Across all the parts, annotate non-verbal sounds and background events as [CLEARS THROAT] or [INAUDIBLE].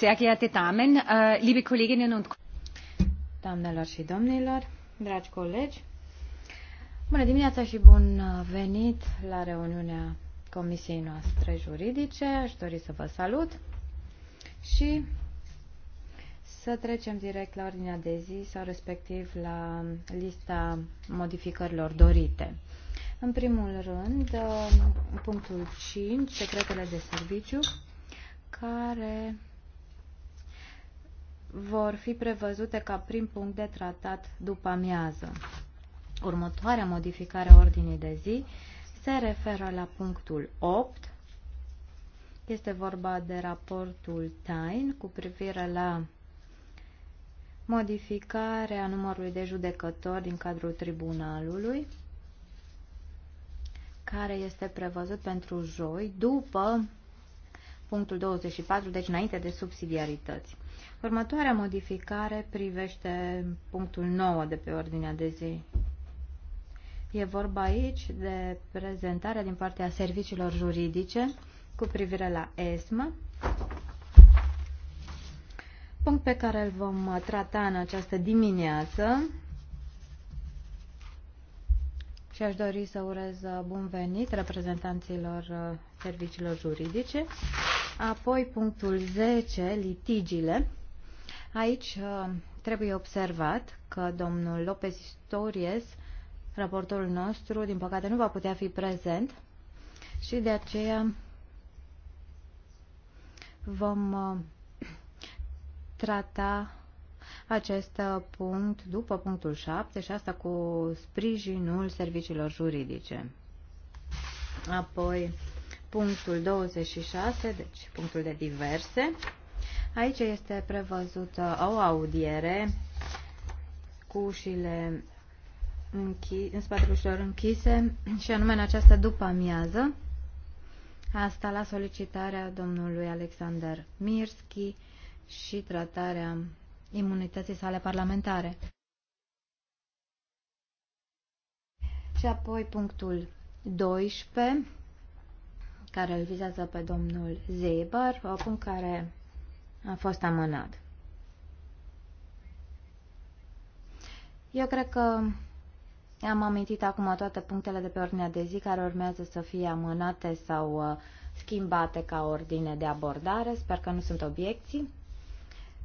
Äh, Doamnelor și domnilor, dragi colegi, bună dimineața și bun uh, venit la reuniunea Comisiei noastre juridice. Aș dori să vă salut și să trecem direct la ordinea de zi sau respectiv la lista modificărilor dorite. În primul rând, uh, punctul 5, secretele de serviciu, care vor fi prevăzute ca prim punct de tratat după amiază. Următoarea modificare a ordinii de zi se referă la punctul 8. Este vorba de raportul TAIN cu privire la modificarea numărului de judecători din cadrul tribunalului, care este prevăzut pentru joi, după punctul 24, deci înainte de subsidiarități. Următoarea modificare privește punctul 9 de pe ordinea de zi. E vorba aici de prezentarea din partea serviciilor juridice cu privire la ESMA, punct pe care îl vom trata în această dimineață. Și aș dori să urez bun venit reprezentanților uh, serviciilor juridice Apoi punctul 10, litigiile. Aici uh, trebuie observat că domnul Lopez Istories, raportorul nostru, din păcate nu va putea fi prezent și de aceea vom uh, trata acest uh, punct după punctul 7 și asta cu sprijinul serviciilor juridice. Apoi, punctul 26, deci punctul de diverse. Aici este prevăzută o audiere cu ușile închi- în spatele ușilor închise și anume în această după amiază. Asta la solicitarea domnului Alexander Mirski și tratarea imunității sale parlamentare. Și apoi punctul 12 care îl vizează pe domnul Zeber, acum care a fost amânat. Eu cred că am amintit acum toate punctele de pe ordinea de zi care urmează să fie amânate sau uh, schimbate ca ordine de abordare. Sper că nu sunt obiecții.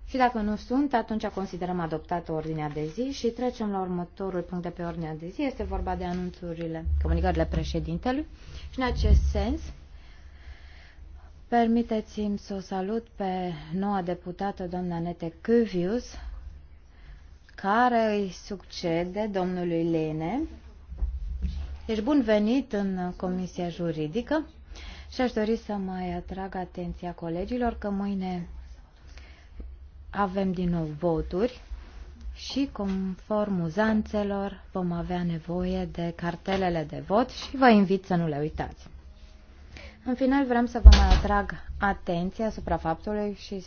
Și dacă nu sunt, atunci considerăm adoptată ordinea de zi și trecem la următorul punct de pe ordinea de zi. Este vorba de anunțurile, comunicările președintelui. Și în acest sens, Permiteți-mi să o salut pe noua deputată, doamna Nete Câvius, care îi succede domnului Lene. Ești bun venit în Comisia Juridică și aș dori să mai atrag atenția colegilor că mâine avem din nou voturi și conform uzanțelor vom avea nevoie de cartelele de vot și vă invit să nu le uitați. În final vrem să vă mai atrag atenția asupra faptului și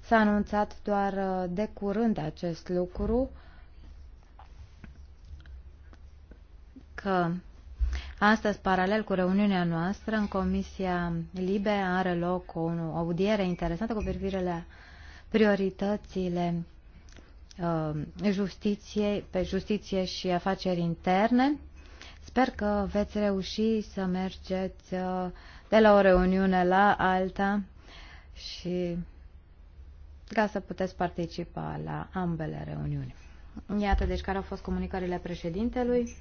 s-a anunțat doar uh, de curând acest lucru că astăzi, paralel cu reuniunea noastră, în Comisia Libe are loc o audiere interesantă cu privire la prioritățile uh, justiției, pe justiție și afaceri interne. Sper că veți reuși să mergeți uh, de la o reuniune la alta și ca să puteți participa la ambele reuniuni. Iată deci care au fost comunicările președintelui.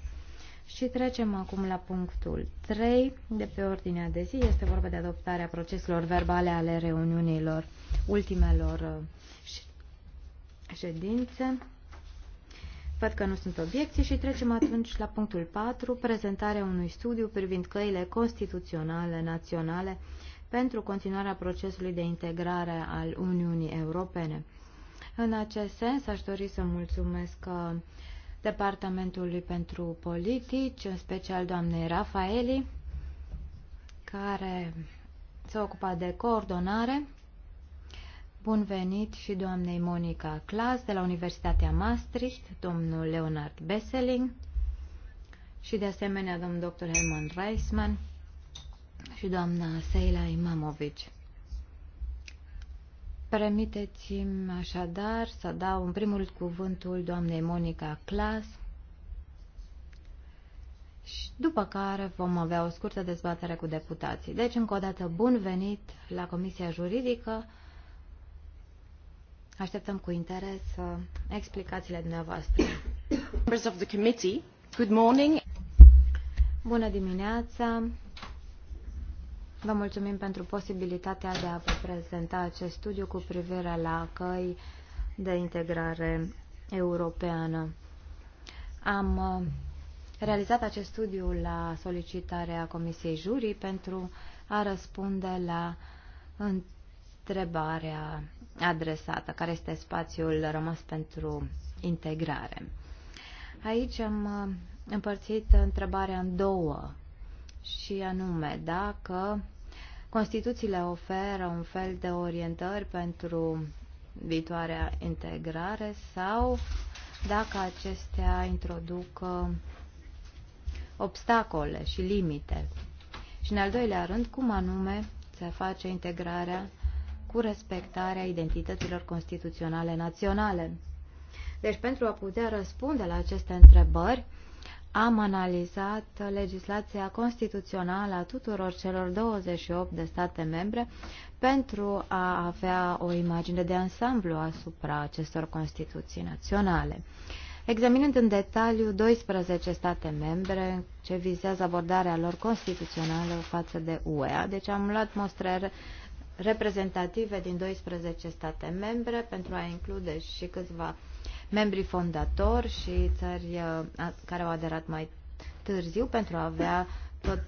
Și trecem acum la punctul 3 de pe ordinea de zi. Este vorba de adoptarea proceselor verbale ale reuniunilor ultimelor uh, ședințe. Văd că nu sunt obiecții și trecem atunci la punctul 4, prezentarea unui studiu privind căile constituționale naționale pentru continuarea procesului de integrare al Uniunii Europene. În acest sens, aș dori să mulțumesc uh, Departamentului pentru Politici, în special doamnei Rafaeli, care s-a ocupat de coordonare Bun venit și doamnei Monica Clas de la Universitatea Maastricht, domnul Leonard Besseling și de asemenea domnul dr. Herman Reisman și doamna Seila Imamovici. Permiteți-mi așadar să dau în primul cuvântul doamnei Monica Clas, și după care vom avea o scurtă dezbatere cu deputații. Deci, încă o dată, bun venit la Comisia Juridică Așteptăm cu interes uh, explicațiile dumneavoastră. Members of the committee, good morning. Bună dimineața. Vă mulțumim pentru posibilitatea de a vă prezenta acest studiu cu privire la căi de integrare europeană. Am uh, realizat acest studiu la solicitarea Comisiei Jurii pentru a răspunde la întrebarea adresată, care este spațiul rămas pentru integrare. Aici am uh, împărțit întrebarea în două și anume dacă Constituțiile oferă un fel de orientări pentru viitoarea integrare sau dacă acestea introduc uh, obstacole și limite. Și în al doilea rând, cum anume se face integrarea cu respectarea identităților constituționale naționale. Deci, pentru a putea răspunde la aceste întrebări, am analizat legislația constituțională a tuturor celor 28 de state membre pentru a avea o imagine de ansamblu asupra acestor Constituții naționale. Examinând în detaliu 12 state membre ce vizează abordarea lor constituțională față de UE, deci am luat mostre reprezentative din 12 state membre pentru a include și câțiva membri fondatori și țări uh, care au aderat mai târziu pentru a avea tot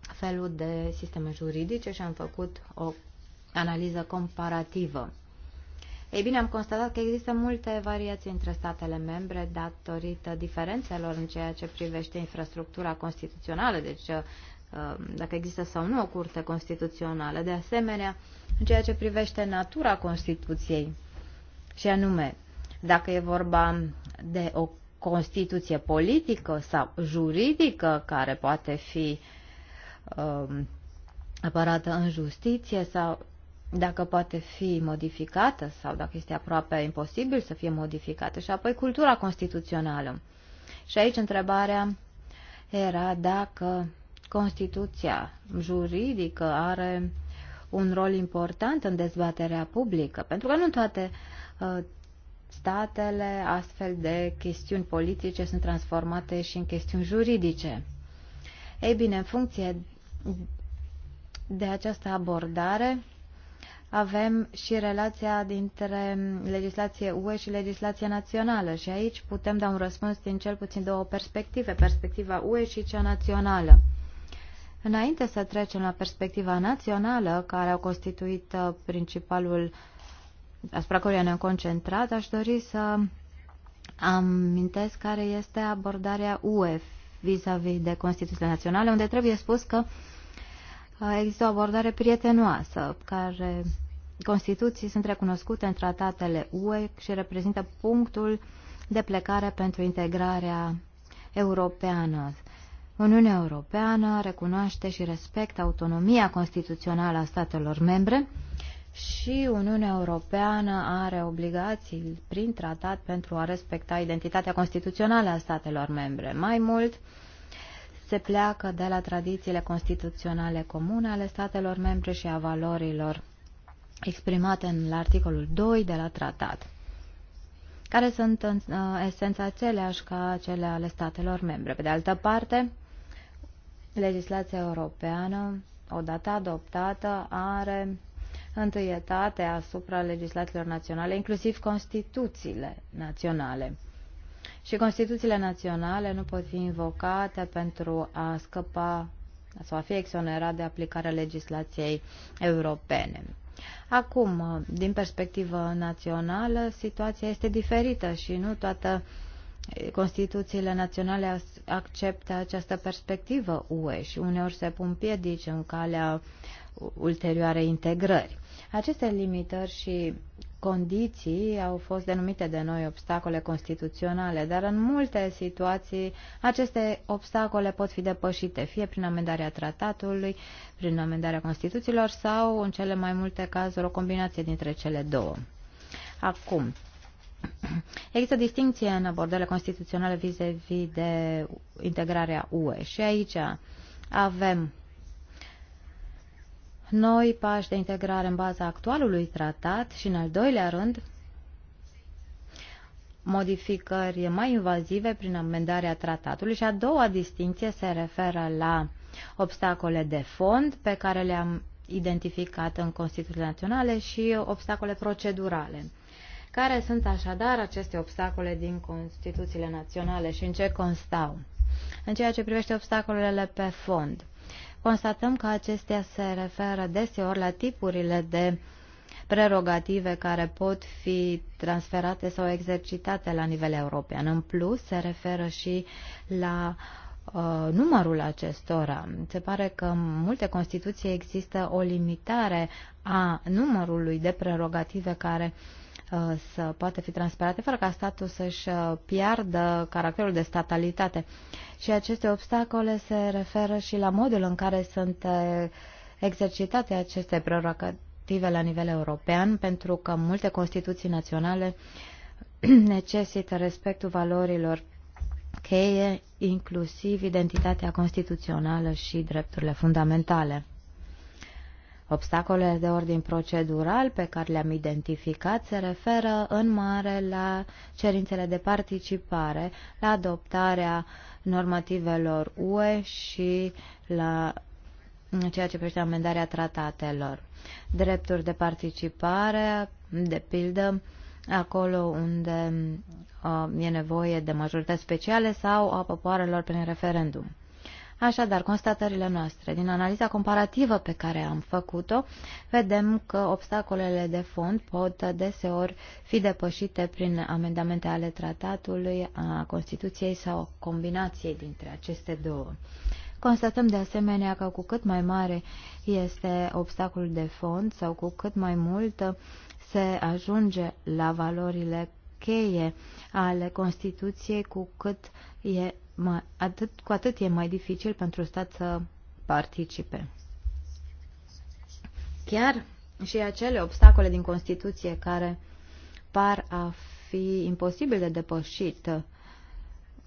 felul de sisteme juridice și am făcut o analiză comparativă. Ei bine, am constatat că există multe variații între statele membre datorită diferențelor în ceea ce privește infrastructura constituțională, deci uh, Um, dacă există sau nu o curte constituțională. De asemenea, în ceea ce privește natura Constituției, și anume, dacă e vorba de o Constituție politică sau juridică care poate fi uh, apărată în justiție sau dacă poate fi modificată sau dacă este aproape imposibil să fie modificată și apoi cultura constituțională. Și aici întrebarea era dacă Constituția juridică are un rol important în dezbaterea publică, pentru că nu toate uh, statele astfel de chestiuni politice sunt transformate și în chestiuni juridice. Ei bine, în funcție de această abordare, avem și relația dintre legislație UE și legislația națională și aici putem da un răspuns din cel puțin două perspective, perspectiva UE și cea națională. Înainte să trecem la perspectiva națională, care a constituit uh, principalul asupra căruia ne-am concentrat, aș dori să amintesc care este abordarea UE vis-a-vis de Constituția Națională, unde trebuie spus că uh, există o abordare prietenoasă, care Constituții sunt recunoscute în tratatele UE și reprezintă punctul de plecare pentru integrarea europeană. Uniunea Europeană recunoaște și respectă autonomia constituțională a statelor membre și Uniunea Europeană are obligații prin tratat pentru a respecta identitatea constituțională a statelor membre. Mai mult, se pleacă de la tradițiile constituționale comune ale statelor membre și a valorilor exprimate în articolul 2 de la tratat, care sunt în uh, esența aceleași ca cele ale statelor membre. Pe de altă parte, legislația europeană, odată adoptată, are întâietate asupra legislațiilor naționale, inclusiv Constituțiile naționale. Și Constituțiile naționale nu pot fi invocate pentru a scăpa sau a fi exonerat de aplicarea legislației europene. Acum, din perspectivă națională, situația este diferită și nu toată Constituțiile naționale acceptă această perspectivă UE și uneori se pun piedici în calea ulterioare integrări. Aceste limitări și condiții au fost denumite de noi obstacole constituționale, dar în multe situații aceste obstacole pot fi depășite, fie prin amendarea tratatului, prin amendarea Constituțiilor sau, în cele mai multe cazuri, o combinație dintre cele două. Acum, Există distinție în abordările constituționale vis-a-vis -vis de integrarea UE și aici avem noi pași de integrare în baza actualului tratat și, în al doilea rând, modificări mai invazive prin amendarea tratatului și a doua distinție se referă la obstacole de fond pe care le-am identificat în Constituțiile Naționale și obstacole procedurale. Care sunt așadar aceste obstacole din Constituțiile naționale și în ce constau? În ceea ce privește obstacolele pe fond, constatăm că acestea se referă deseori la tipurile de prerogative care pot fi transferate sau exercitate la nivel european. În plus, se referă și la uh, numărul acestora. Se pare că în multe Constituții există o limitare a numărului de prerogative care uh, Uh, să poată fi transferate fără ca statul să-și uh, piardă caracterul de statalitate. Și aceste obstacole se referă și la modul în care sunt uh, exercitate aceste prerogative la nivel european, pentru că multe constituții naționale [CLEARS THROAT] necesită respectul valorilor cheie, inclusiv identitatea constituțională și drepturile fundamentale. Obstacolele de ordin procedural pe care le-am identificat se referă în mare la cerințele de participare, la adoptarea normativelor UE și la ceea ce privește amendarea tratatelor. Drepturi de participare, de pildă, acolo unde uh, e nevoie de majoritate speciale sau a popoarelor prin referendum. Așadar, constatările noastre din analiza comparativă pe care am făcut-o, vedem că obstacolele de fond pot deseori fi depășite prin amendamente ale tratatului, a Constituției sau combinației dintre aceste două. Constatăm de asemenea că cu cât mai mare este obstacolul de fond sau cu cât mai mult se ajunge la valorile cheie ale Constituției, cu cât e mai, atât, cu atât e mai dificil pentru stat să participe. Chiar și acele obstacole din Constituție care par a fi imposibil de depășit,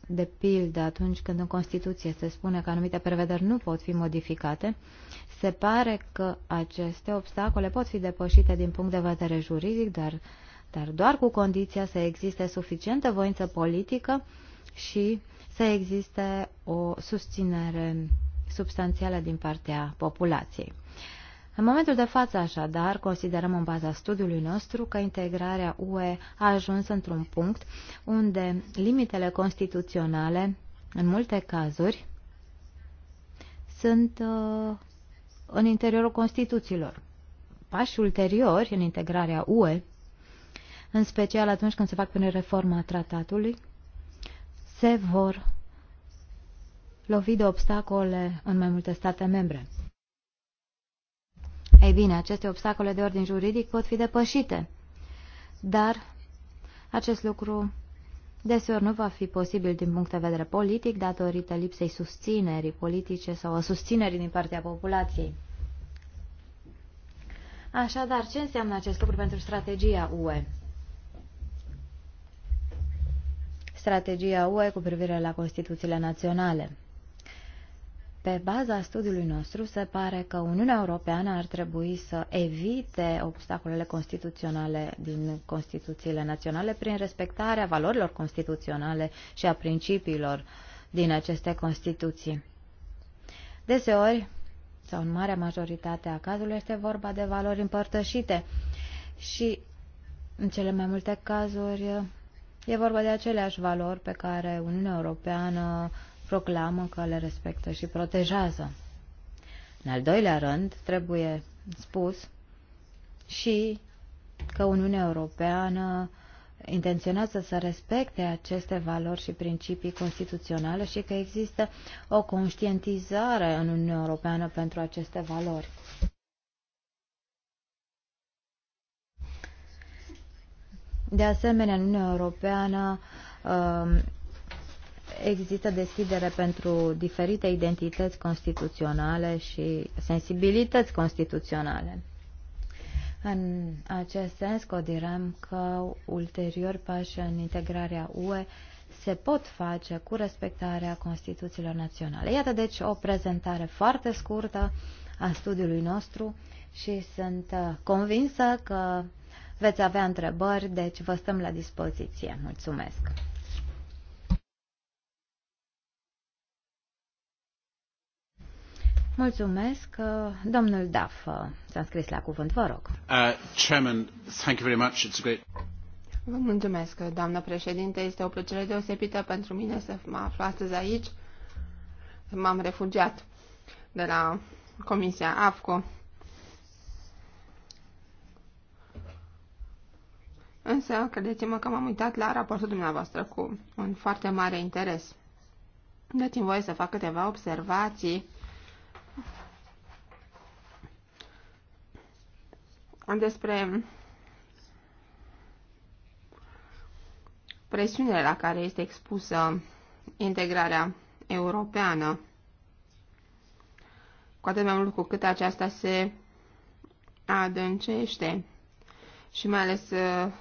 de pildă atunci când în Constituție se spune că anumite prevederi nu pot fi modificate, se pare că aceste obstacole pot fi depășite din punct de vedere juridic, dar, dar doar cu condiția să existe suficientă voință politică și să existe o susținere substanțială din partea populației. În momentul de față, așadar, considerăm în baza studiului nostru că integrarea UE a ajuns într-un punct unde limitele constituționale, în multe cazuri, sunt uh, în interiorul Constituțiilor. Pași ulteriori în integrarea UE, în special atunci când se fac până reforma tratatului, se vor lovi de obstacole în mai multe state membre. Ei bine, aceste obstacole de ordin juridic pot fi depășite, dar acest lucru deseori nu va fi posibil din punct de vedere politic datorită lipsei susținerii politice sau a susținerii din partea populației. Așadar, ce înseamnă acest lucru pentru strategia UE? strategia UE cu privire la Constituțiile Naționale. Pe baza studiului nostru, se pare că Uniunea Europeană ar trebui să evite obstacolele constituționale din Constituțiile Naționale prin respectarea valorilor constituționale și a principiilor din aceste Constituții. Deseori, sau în marea majoritate a cazurilor, este vorba de valori împărtășite și, în cele mai multe cazuri, E vorba de aceleași valori pe care Uniunea Europeană proclamă că le respectă și protejează. În al doilea rând, trebuie spus și că Uniunea Europeană intenționează să respecte aceste valori și principii constituționale și că există o conștientizare în Uniunea Europeană pentru aceste valori. De asemenea, în Uniunea Europeană um, există deschidere pentru diferite identități constituționale și sensibilități constituționale. În acest sens, considerăm că ulterior pași în integrarea UE se pot face cu respectarea Constituțiilor naționale. Iată deci o prezentare foarte scurtă a studiului nostru și sunt uh, convinsă că veți avea întrebări, deci vă stăm la dispoziție. Mulțumesc! Mulțumesc. Domnul Duff s-a scris la cuvânt, vă rog. Uh, chairman, thank you very much. It's great... Vă mulțumesc, doamnă președinte. Este o plăcere deosebită pentru mine să mă aflu astăzi aici. M-am refugiat de la Comisia AFCO Însă, credeți-mă că m-am uitat la raportul dumneavoastră cu un foarte mare interes. Dați-mi voie să fac câteva observații despre presiunile la care este expusă integrarea europeană, cu atât mai mult cu cât aceasta se adâncește și mai ales uh,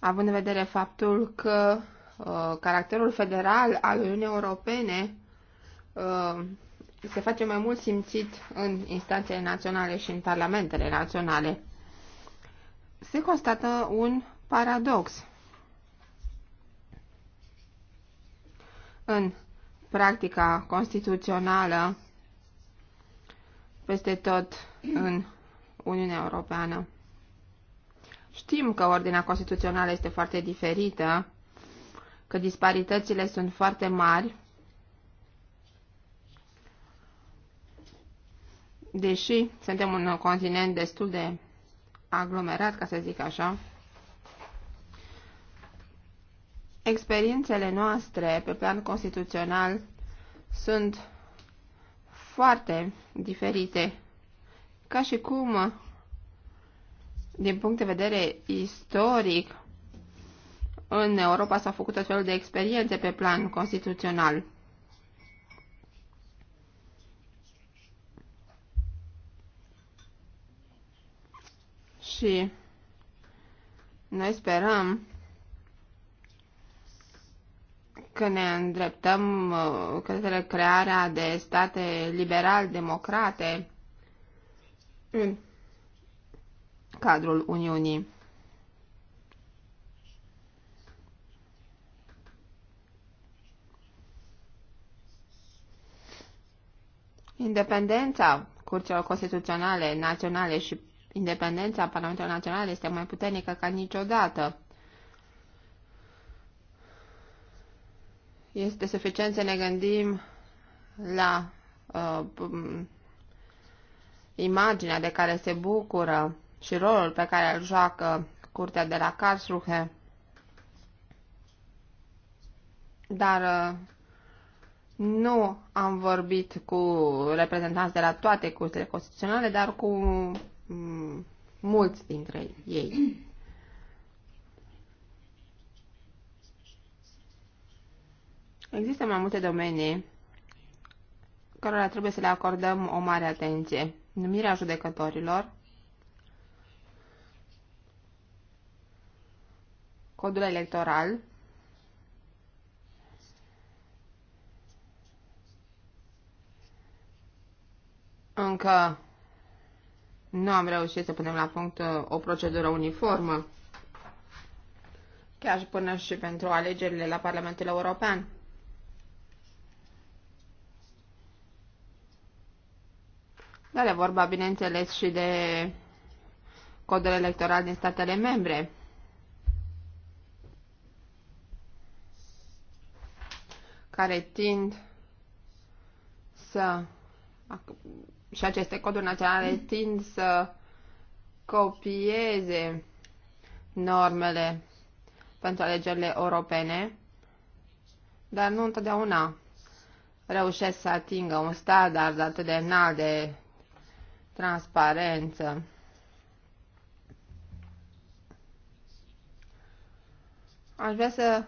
având în vedere faptul că uh, caracterul federal al Uniunii Europene uh, se face mai mult simțit în instanțele naționale și în parlamentele naționale. Se constată un paradox. În practica constituțională peste tot în Uniunea Europeană. Știm că ordinea constituțională este foarte diferită, că disparitățile sunt foarte mari, deși suntem un continent destul de aglomerat, ca să zic așa, experiențele noastre pe plan constituțional sunt foarte diferite, ca și cum din punct de vedere istoric, în Europa s-au făcut tot felul de experiențe pe plan constituțional. Și noi sperăm că ne îndreptăm uh, către crearea de state liberal-democrate în cadrul Uniunii. Independența curților constituționale naționale și independența Parlamentului Național este mai puternică ca niciodată. Este suficient să ne gândim la uh, um, imaginea de care se bucură și rolul pe care îl joacă curtea de la Karlsruhe. Dar uh, nu am vorbit cu reprezentanți de la toate curțile constituționale, dar cu mm, mulți dintre ei. Există mai multe domenii cărora trebuie să le acordăm o mare atenție. Numirea judecătorilor, codul electoral. Încă nu am reușit să punem la punct uh, o procedură uniformă, chiar și până și pentru alegerile la Parlamentul European. Dar e vorba, bineînțeles, și de codul electoral din statele membre. care tind să și aceste coduri naționale tind să copieze normele pentru alegerile europene, dar nu întotdeauna reușesc să atingă un standard atât de înalt de transparență. Aș vrea să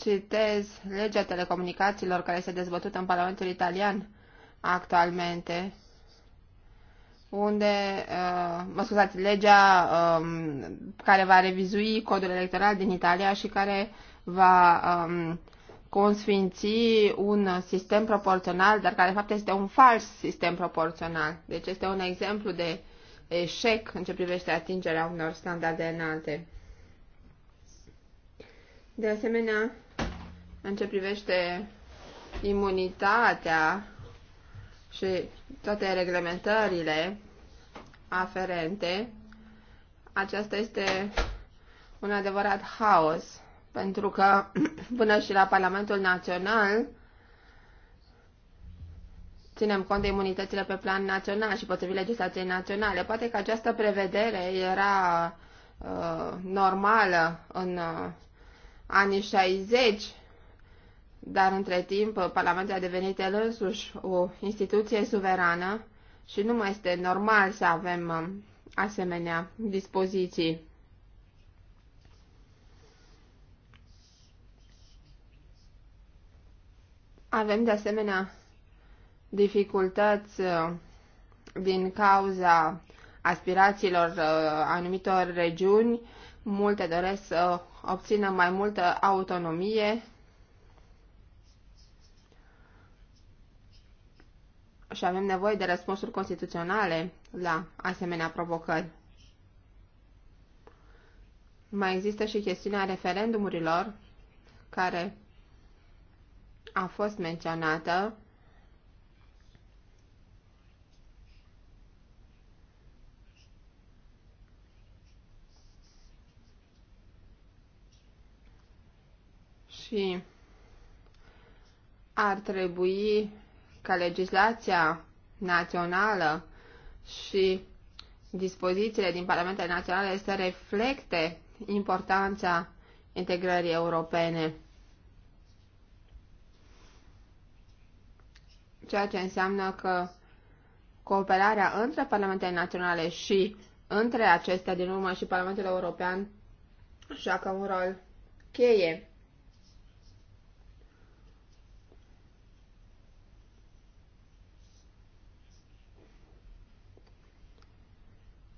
citez legea telecomunicațiilor care este dezbătută în Parlamentul Italian actualmente, unde, uh, mă scuzați, legea um, care va revizui codul electoral din Italia și care va um, consfinți un sistem proporțional, dar care de fapt este un fals sistem proporțional. Deci este un exemplu de eșec în ce privește atingerea unor standarde înalte. De asemenea, în ce privește imunitatea și toate reglementările aferente, aceasta este un adevărat haos, pentru că [CLEARS THROAT] până și la Parlamentul Național ținem cont de imunitățile pe plan național și potrivit legislației naționale. Poate că această prevedere era uh, normală în uh, anii 60, dar între timp Parlamentul a devenit el însuși o instituție suverană și nu mai este normal să avem um, asemenea dispoziții. Avem de asemenea dificultăți uh, din cauza aspirațiilor uh, anumitor regiuni. Multe doresc să obțină mai multă autonomie, și avem nevoie de răspunsuri constituționale la asemenea provocări. Mai există și chestiunea referendumurilor, care a fost menționată. Și ar trebui ca legislația națională și dispozițiile din Parlamentele Naționale să reflecte importanța integrării europene. Ceea ce înseamnă că cooperarea între Parlamentele Naționale și între acestea din urmă și Parlamentul European joacă un rol cheie.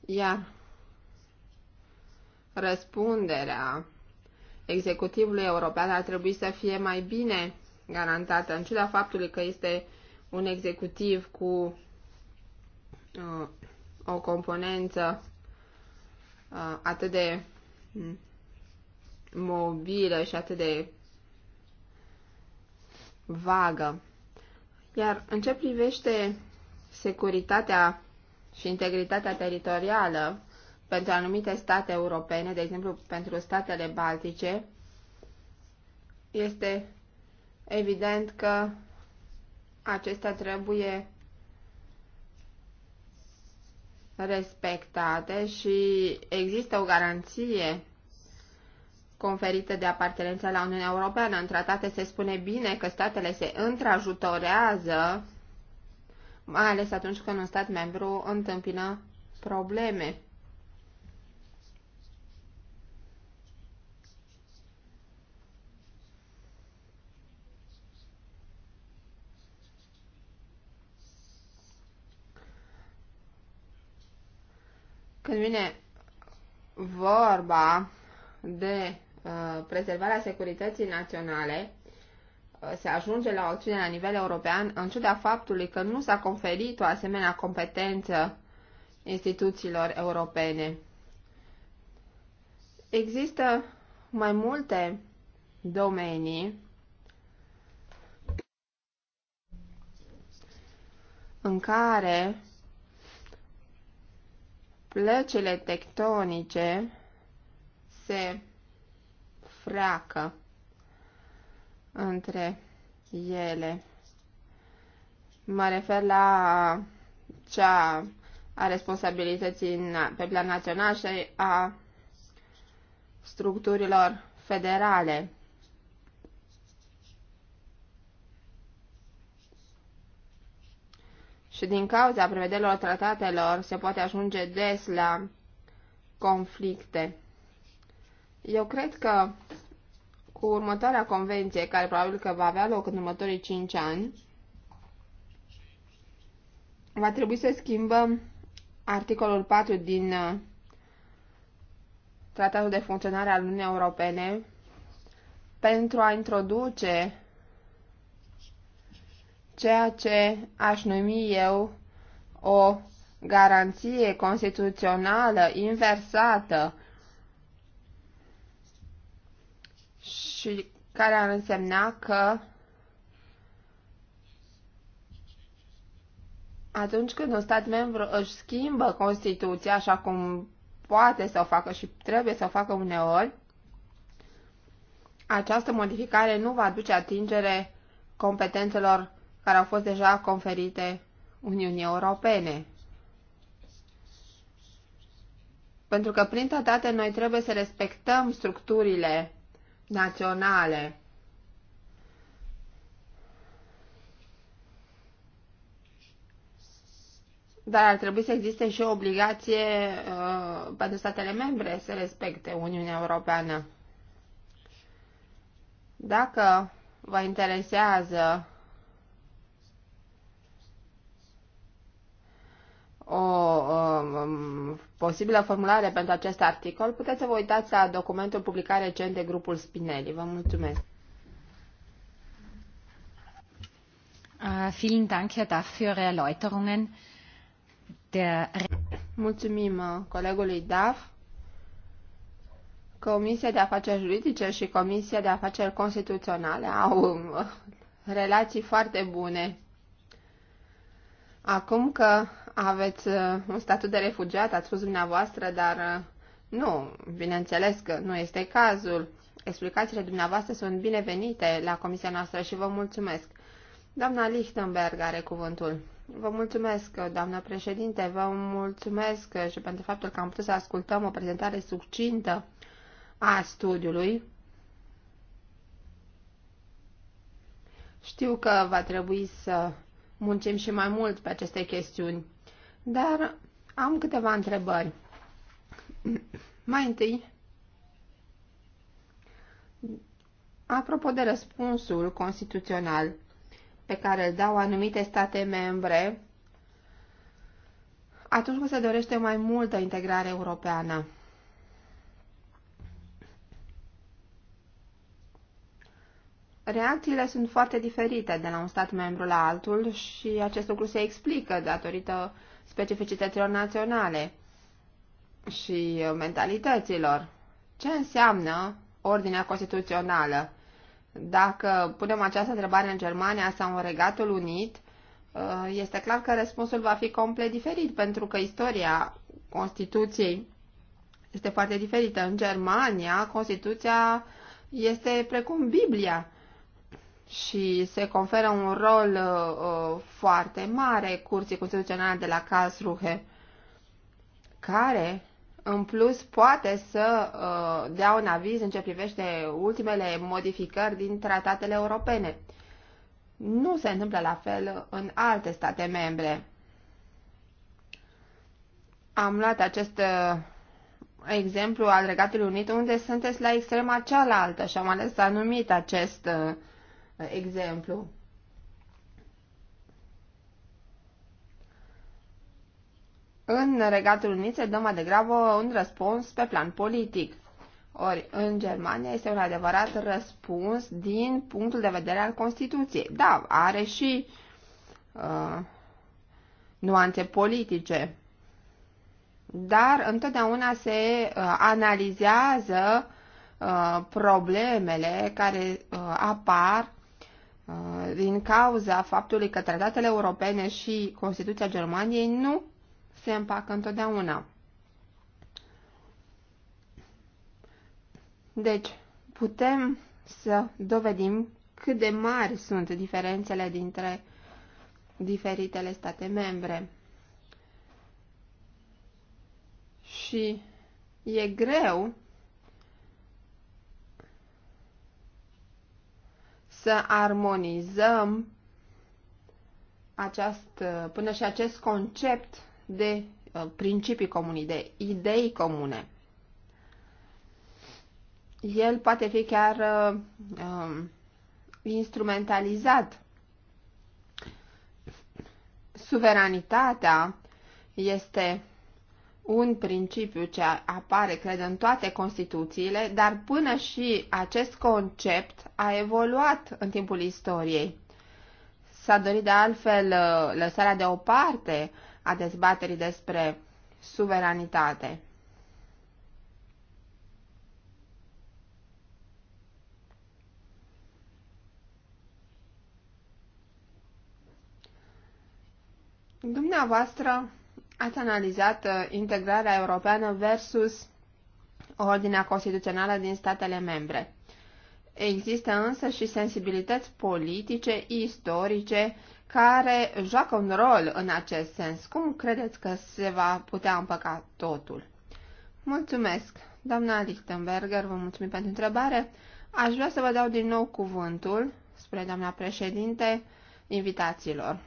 Iar răspunderea executivului european ar trebui să fie mai bine garantată, în ciuda faptului că este un executiv cu uh, o componență uh, atât de mm, mobilă și atât de vagă. Iar în ce privește securitatea și integritatea teritorială pentru anumite state europene, de exemplu pentru statele baltice, este evident că acestea trebuie respectate și există o garanție conferită de apartenența la Uniunea Europeană. În tratate se spune bine că statele se întrajutorează mai ales atunci când un stat membru întâmpină probleme. Când vine vorba de uh, prezervarea securității naționale, se ajunge la o acțiune la nivel european, în ciuda faptului că nu s-a conferit o asemenea competență instituțiilor europene. Există mai multe domenii în care plăcile tectonice se freacă între ele. Mă refer la cea a responsabilității pe plan național și a structurilor federale. Și din cauza prevederilor tratatelor se poate ajunge des la conflicte. Eu cred că cu următoarea convenție, care probabil că va avea loc în următorii 5 ani, va trebui să schimbăm articolul 4 din uh, Tratatul de Funcționare al Uniunii Europene pentru a introduce ceea ce aș numi eu o garanție constituțională inversată și care ar însemna că atunci când un stat membru își schimbă Constituția, așa cum poate să o facă și trebuie să o facă uneori, această modificare nu va aduce atingere competențelor care au fost deja conferite Uniunii Europene. Pentru că prin tratate noi trebuie să respectăm structurile naționale. Dar ar trebui să existe și o obligație uh, pentru statele membre să respecte Uniunea Europeană. Dacă vă interesează o um, um, posibilă formulare pentru acest articol, puteți să vă uitați la documentul publicat recent de grupul Spinelli. Vă mulțumesc. Ah, vielen Dank, Herr für Erläuterungen. Der... Mulțumim uh, colegului Daf. Comisia de Afaceri Juridice și Comisia de Afaceri Constituționale au uh, relații foarte bune. Acum că aveți uh, un statut de refugiat, ați spus dumneavoastră, dar uh, nu, bineînțeles că nu este cazul. Explicațiile dumneavoastră sunt binevenite la comisia noastră și vă mulțumesc. Doamna Lichtenberg are cuvântul. Vă mulțumesc, doamnă președinte, vă mulțumesc și pentru faptul că am putut să ascultăm o prezentare succintă a studiului. Știu că va trebui să muncim și mai mult pe aceste chestiuni. Dar am câteva întrebări. Mai întâi, apropo de răspunsul constituțional pe care îl dau anumite state membre atunci când se dorește mai multă integrare europeană. Reacțiile sunt foarte diferite de la un stat membru la altul și acest lucru se explică datorită uh, specificităților naționale și uh, mentalităților. Ce înseamnă ordinea constituțională? Dacă punem această întrebare în Germania sau în Regatul Unit, uh, este clar că răspunsul va fi complet diferit, pentru că istoria Constituției este foarte diferită. În Germania, Constituția este precum Biblia și se conferă un rol uh, uh, foarte mare Curții Constituționale de la Casruhe, care, în plus, poate să uh, dea un aviz în ce privește ultimele modificări din tratatele europene. Nu se întâmplă la fel în alte state membre. Am luat acest uh, exemplu al Regatului Unit, unde sunteți la extrema cealaltă și am ales să anumit acest uh, exemplu. În Regatul Unit se dă mai degrabă un răspuns pe plan politic. Ori, în Germania este un adevărat răspuns din punctul de vedere al Constituției. Da, are și uh, nuanțe politice, dar întotdeauna se uh, analizează uh, problemele care uh, apar Uh, din cauza faptului că tratatele europene și Constituția Germaniei nu se împacă întotdeauna. Deci, putem să dovedim cât de mari sunt diferențele dintre diferitele state membre. Și e greu să armonizăm aceast, până și acest concept de uh, principii comune, de idei comune. El poate fi chiar uh, um, instrumentalizat. Suveranitatea este un principiu ce apare, cred, în toate Constituțiile, dar până și acest concept a evoluat în timpul istoriei. S-a dorit de altfel uh, lăsarea deoparte a dezbaterii despre suveranitate. Dumneavoastră ați analizat uh, integrarea europeană versus ordinea constituțională din statele membre. Există însă și sensibilități politice, istorice, care joacă un rol în acest sens. Cum credeți că se va putea împăca totul? Mulțumesc, doamna Lichtenberger, vă mulțumim pentru întrebare. Aș vrea să vă dau din nou cuvântul, spre doamna președinte, invitațiilor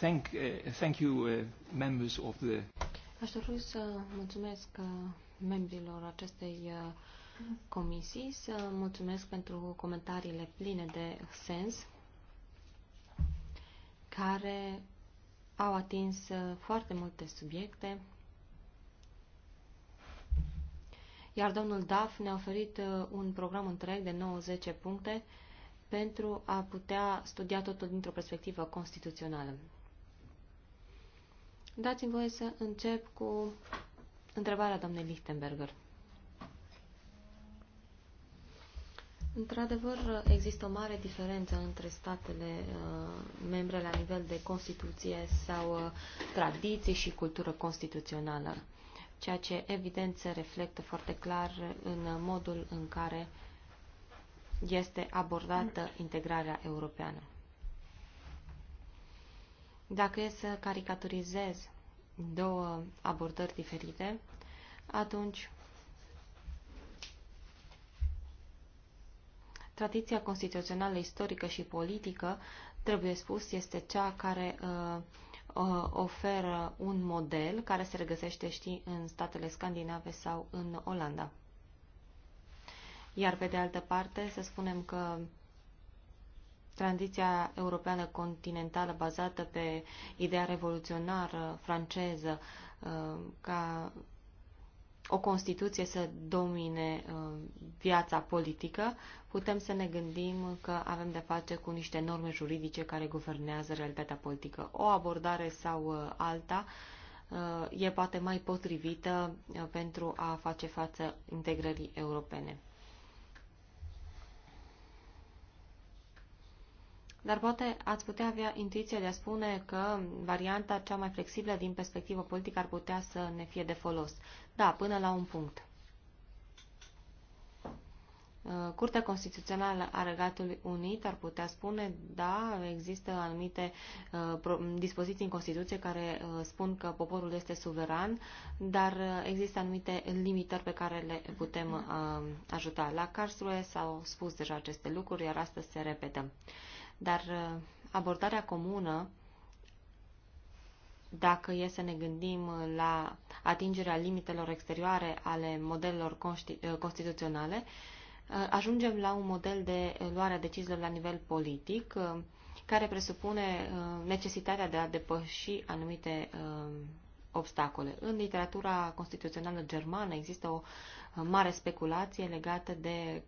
thank, uh, thank you, uh, members of the... Aș dori să mulțumesc uh, membrilor acestei uh, comisii, să mulțumesc pentru comentariile pline de sens care au atins uh, foarte multe subiecte. Iar domnul Daf ne-a oferit un program întreg de 90 puncte pentru a putea studia totul dintr-o perspectivă constituțională. Dați-mi voie să încep cu întrebarea doamnei Lichtenberger. Într-adevăr, există o mare diferență între statele uh, membre la nivel de Constituție sau uh, tradiții și cultură constituțională, ceea ce evident se reflectă foarte clar în modul în care uh, este abordată integrarea europeană. Dacă e să caricaturizez două abordări diferite, atunci tradiția constituțională, istorică și politică, trebuie spus, este cea care uh, uh oferă un model care se regăsește, știi, în statele scandinave sau în Olanda. Iar pe de altă parte, să spunem că tranziția europeană continentală bazată pe ideea revoluționară franceză uh, ca o Constituție să domine uh, viața politică, putem să ne gândim că avem de face cu niște norme juridice care guvernează realitatea politică. O abordare sau uh, alta e poate mai potrivită pentru a face față integrării europene. Dar poate ați putea avea intuiția de a spune că varianta cea mai flexibilă din perspectivă politică ar putea să ne fie de folos. Da, până la un punct. Uh, Curtea Constituțională a Regatului Unit ar putea spune, da, există anumite uh, dispoziții în Constituție care uh, spun că poporul este suveran, dar uh, există anumite limitări pe care le putem uh, ajuta. La Karlsruhe s-au spus deja aceste lucruri, iar astăzi se repetă. Uh, dar uh, abordarea comună, dacă e să ne gândim la atingerea limitelor exterioare ale modelelor uh, constituționale, uh, ajungem la un model de luare a deciziilor la nivel politic, care presupune necesitatea de a depăși anumite obstacole. În literatura constituțională germană există o mare speculație legată de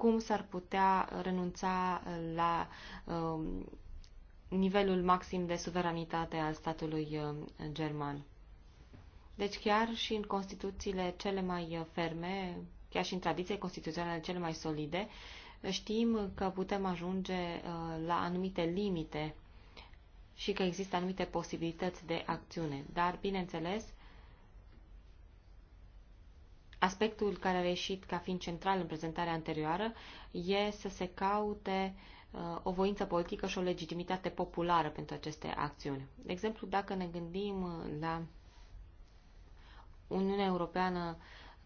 cum s-ar putea renunța la um, nivelul maxim de suveranitate al statului um, german. Deci chiar și în Constituțiile cele mai uh, ferme, chiar și în tradiție constituționale cele mai solide, știm că putem ajunge uh, la anumite limite și că există anumite posibilități de acțiune. Dar, bineînțeles, Aspectul care a ieșit ca fiind central în prezentarea anterioară e să se caute uh, o voință politică și o legitimitate populară pentru aceste acțiuni. De exemplu, dacă ne gândim uh, la Uniunea Europeană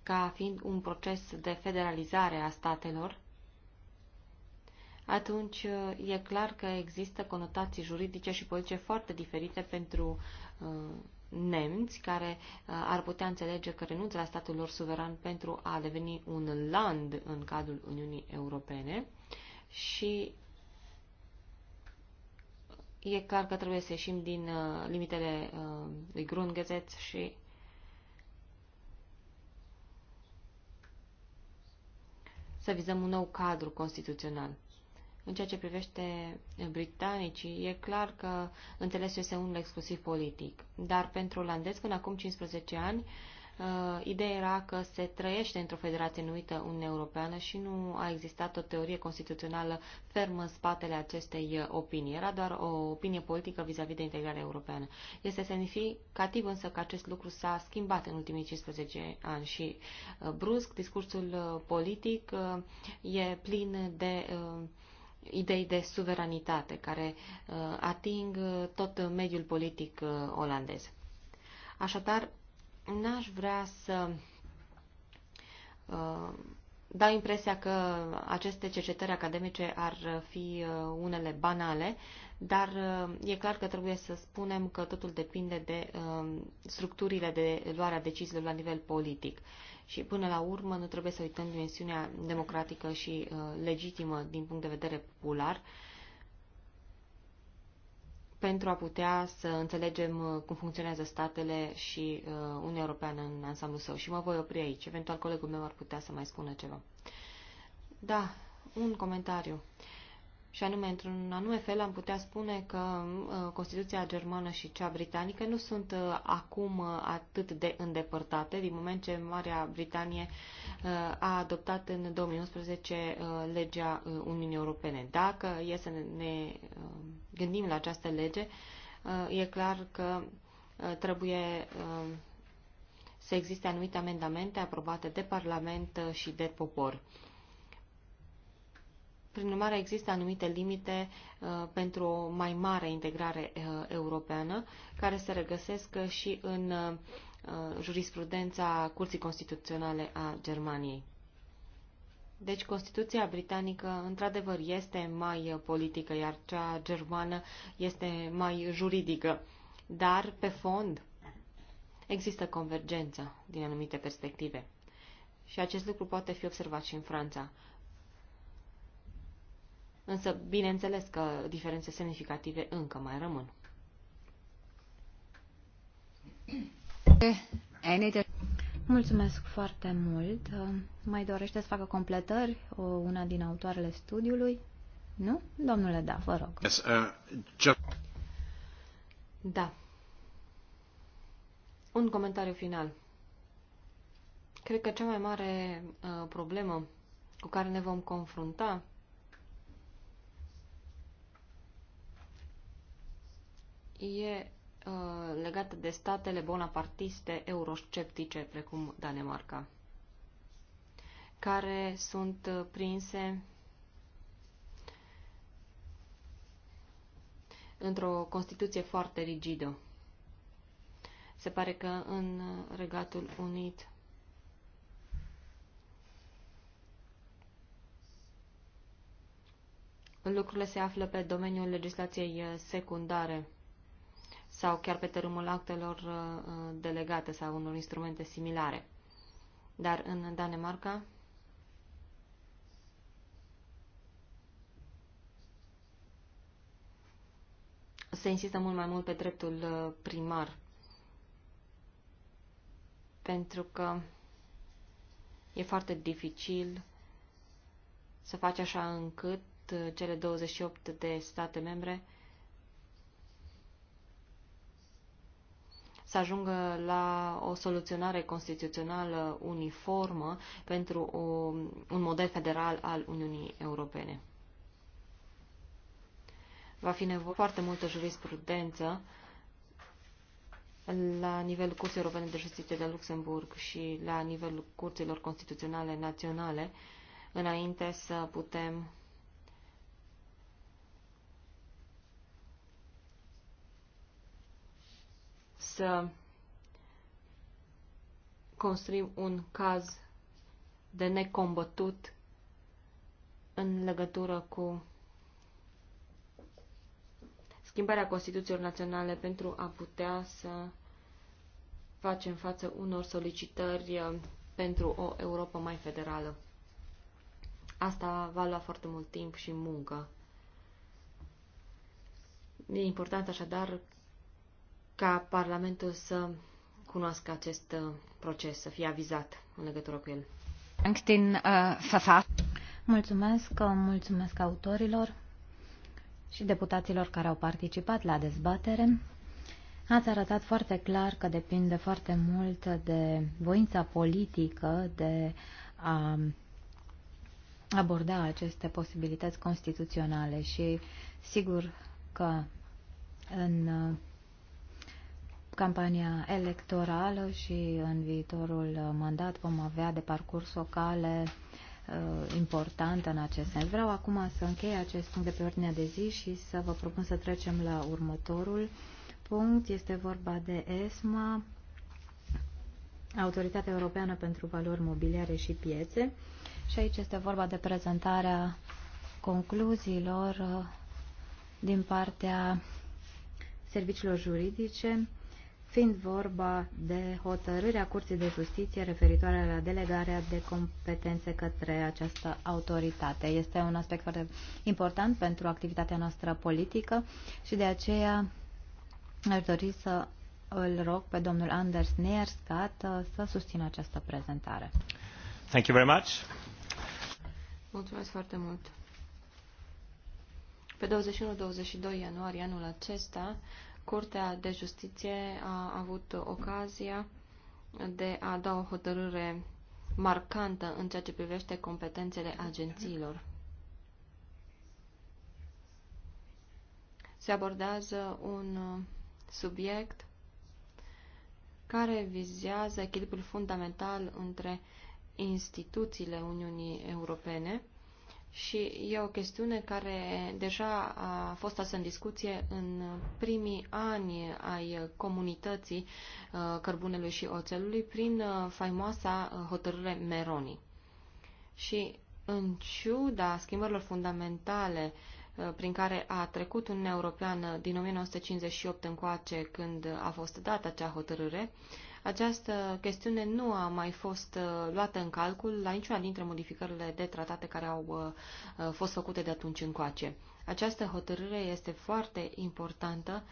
ca fiind un proces de federalizare a statelor, atunci uh, e clar că există conotații juridice și politice foarte diferite pentru uh, nemți care uh, ar putea înțelege că renunță la statul lor suveran pentru a deveni un land în cadrul Uniunii Europene și e clar că trebuie să ieșim din uh, limitele uh, lui Grundgesetz și să vizăm un nou cadru constituțional. În ceea ce privește britanicii, e clar că înțelesul este unul exclusiv politic. Dar pentru olandez, până acum 15 ani, uh, ideea era că se trăiește într-o federație numită Uniunea Europeană și nu a existat o teorie constituțională fermă în spatele acestei uh, opinii. Era doar o opinie politică vis-a-vis -vis de integrarea europeană. Este semnificativ însă că acest lucru s-a schimbat în ultimii 15 ani și uh, brusc discursul politic e plin de idei de suveranitate care uh, ating uh, tot mediul politic uh, olandez. Așadar, n-aș vrea să dau impresia că aceste cercetări academice ar fi uh, unele banale, dar uh, e clar că trebuie să spunem că totul depinde de um, structurile de luarea deciziilor la nivel politic. Și până la urmă nu trebuie să uităm dimensiunea democratică și uh, legitimă din punct de vedere popular, pentru a putea să înțelegem uh, cum funcționează statele și uh, Uniunea Europeană în ansamblu său. Și mă voi opri aici. Eventual colegul meu ar putea să mai spună ceva. Da, un comentariu. Uh, și anume, într-un anume fel, am putea spune că uh, Constituția germană și cea britanică nu sunt uh, acum uh, atât de îndepărtate, din moment ce Marea Britanie a adoptat în 2011 legea Uniunii Europene. Dacă e să ne gândim la această lege, e clar că trebuie să existe anumite amendamente aprobate de Parlament și de popor. Prin urmare, există anumite limite uh, pentru o mai mare integrare uh, europeană, care se regăsesc și în uh, jurisprudența Curții Constituționale a Germaniei. Deci Constituția britanică într-adevăr este mai politică, iar cea germană este mai juridică. Dar, pe fond, există convergență din anumite perspective. Și acest lucru poate fi observat și în Franța însă bineînțeles că diferențe semnificative încă mai rămân. Mulțumesc foarte mult. Mai dorește să facă completări una din autoarele studiului? Nu? Domnule, da, vă rog. Yes, uh, just... Da. Un comentariu final. Cred că cea mai mare uh, problemă cu care ne vom confrunta e uh, legată de statele bonapartiste eurosceptice, precum Danemarca, care sunt uh, prinse într-o Constituție foarte rigidă. Se pare că în Regatul Unit lucrurile se află pe domeniul legislației secundare sau chiar pe tărâmul actelor uh, uh, delegate sau unor instrumente similare. Dar în Danemarca se insistă mult mai mult pe dreptul uh, primar. Pentru că e foarte dificil să faci așa încât cele 28 de state membre să ajungă la o soluționare constituțională uniformă pentru o, un model federal al Uniunii Europene. Va fi nevoie foarte multă jurisprudență la nivelul Curții Europene de Justiție de Luxemburg și la nivelul curților constituționale naționale, înainte să putem să construim un caz de necombătut în legătură cu schimbarea Constituțiilor Naționale pentru a putea să facem față unor solicitări uh, pentru o Europa mai federală. Asta va lua foarte mult timp și muncă. E important așadar ca Parlamentul să cunoască acest uh, proces, să fie avizat în legătură cu el. Uh, mulțumesc, uh, mulțumesc autorilor și deputaților care au participat la dezbatere. Ați arătat foarte clar că depinde foarte mult de voința politică de a aborda aceste posibilități constituționale și sigur că în campania electorală și în viitorul mandat vom avea de parcurs o cale uh, importantă în acest sens. Vreau acum să închei acest punct de pe ordinea de zi și să vă propun să trecem la următorul punct. Este vorba de ESMA, Autoritatea Europeană pentru Valori Mobiliare și Piețe. Și aici este vorba de prezentarea concluziilor uh, din partea serviciilor juridice fiind vorba de hotărârea Curții de Justiție referitoare la delegarea de competențe către această autoritate. Este un aspect foarte important pentru activitatea noastră politică și de aceea aș dori să îl rog pe domnul Anders Neerskat uh, să susțină această prezentare. Thank you very much. Mulțumesc foarte mult. Pe 21-22 ianuarie anul acesta, Curtea de Justiție a avut ocazia de a da o hotărâre marcantă în ceea ce privește competențele agențiilor. Se abordează un uh, subiect care vizează echilibrul fundamental între instituțiile Uniunii Europene și e o chestiune care deja a fost asă în discuție în primii ani ai comunității uh, cărbunelui și oțelului prin uh, faimoasa uh, hotărâre Meroni. Și în ciuda schimbărilor fundamentale prin care a trecut Uniunea Europeană din 1958 încoace când a fost dată acea hotărâre, această chestiune nu a mai fost uh, luată în calcul la niciuna dintre modificările de tratate care au uh, uh, fost făcute de atunci încoace. Această hotărâre este foarte importantă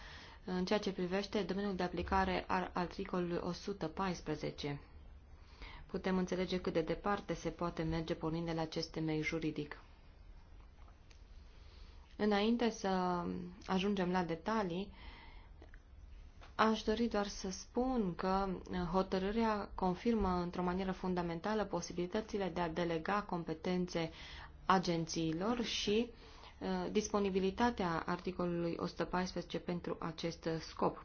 în ceea ce privește domeniul de aplicare al articolului 114. Putem înțelege cât de departe se poate merge pornind de la acest temei juridic. Înainte să ajungem la detalii, Aș dori doar să spun că uh, hotărârea confirmă într-o manieră fundamentală posibilitățile de a delega competențe agențiilor și uh, disponibilitatea articolului 114 pentru acest scop.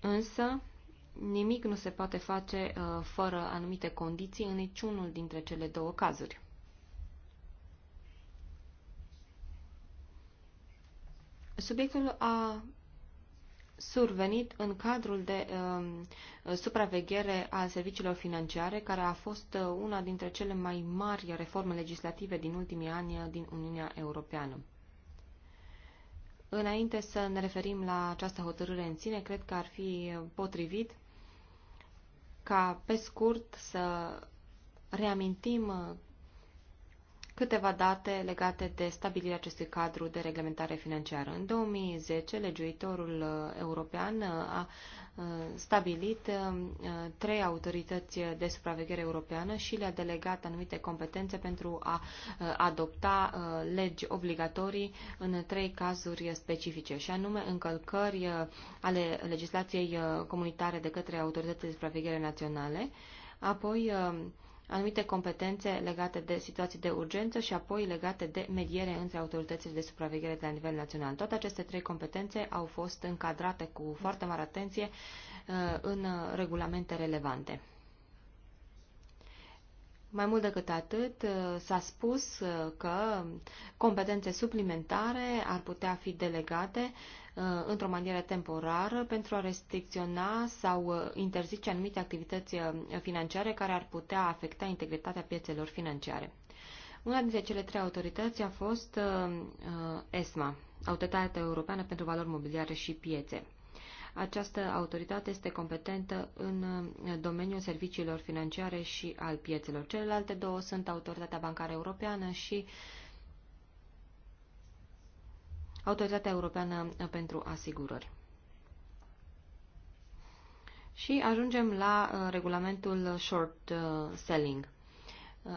Însă, nimic nu se poate face uh, fără anumite condiții în niciunul dintre cele două cazuri. Subiectul a survenit în cadrul de uh, supraveghere a serviciilor financiare, care a fost uh, una dintre cele mai mari reforme legislative din ultimii ani uh, din Uniunea Europeană. Înainte să ne referim la această hotărâre în sine, cred că ar fi uh, potrivit ca, pe scurt, să reamintim câteva date legate de stabilirea acestui cadru de reglementare financiară. În 2010, legiuitorul uh, european uh, a uh, stabilit trei autorități de supraveghere europeană și le-a delegat anumite competențe pentru a adopta legi obligatorii în trei cazuri specifice, și anume încălcări ale legislației comunitare de către autoritățile de supraveghere naționale, apoi anumite competențe legate de situații de urgență și apoi legate de mediere între autoritățile de supraveghere de la nivel național. Toate aceste trei competențe au fost încadrate cu foarte mare atenție uh, în uh, regulamente relevante. Mai mult decât atât, uh, s-a spus uh, că competențe suplimentare ar putea fi delegate uh, într-o manieră temporară pentru a restricționa sau interzice anumite activități financiare care ar putea afecta integritatea piețelor financiare. Una dintre cele trei autorități a fost ESMA, Autoritatea Europeană pentru Valori Mobiliare și Piețe. Această autoritate este competentă în uh, domeniul serviciilor financiare și al piețelor. Celelalte două sunt Autoritatea Bancară Europeană și Autoritatea Europeană uh, pentru Asigurări. Și ajungem la uh, regulamentul short selling.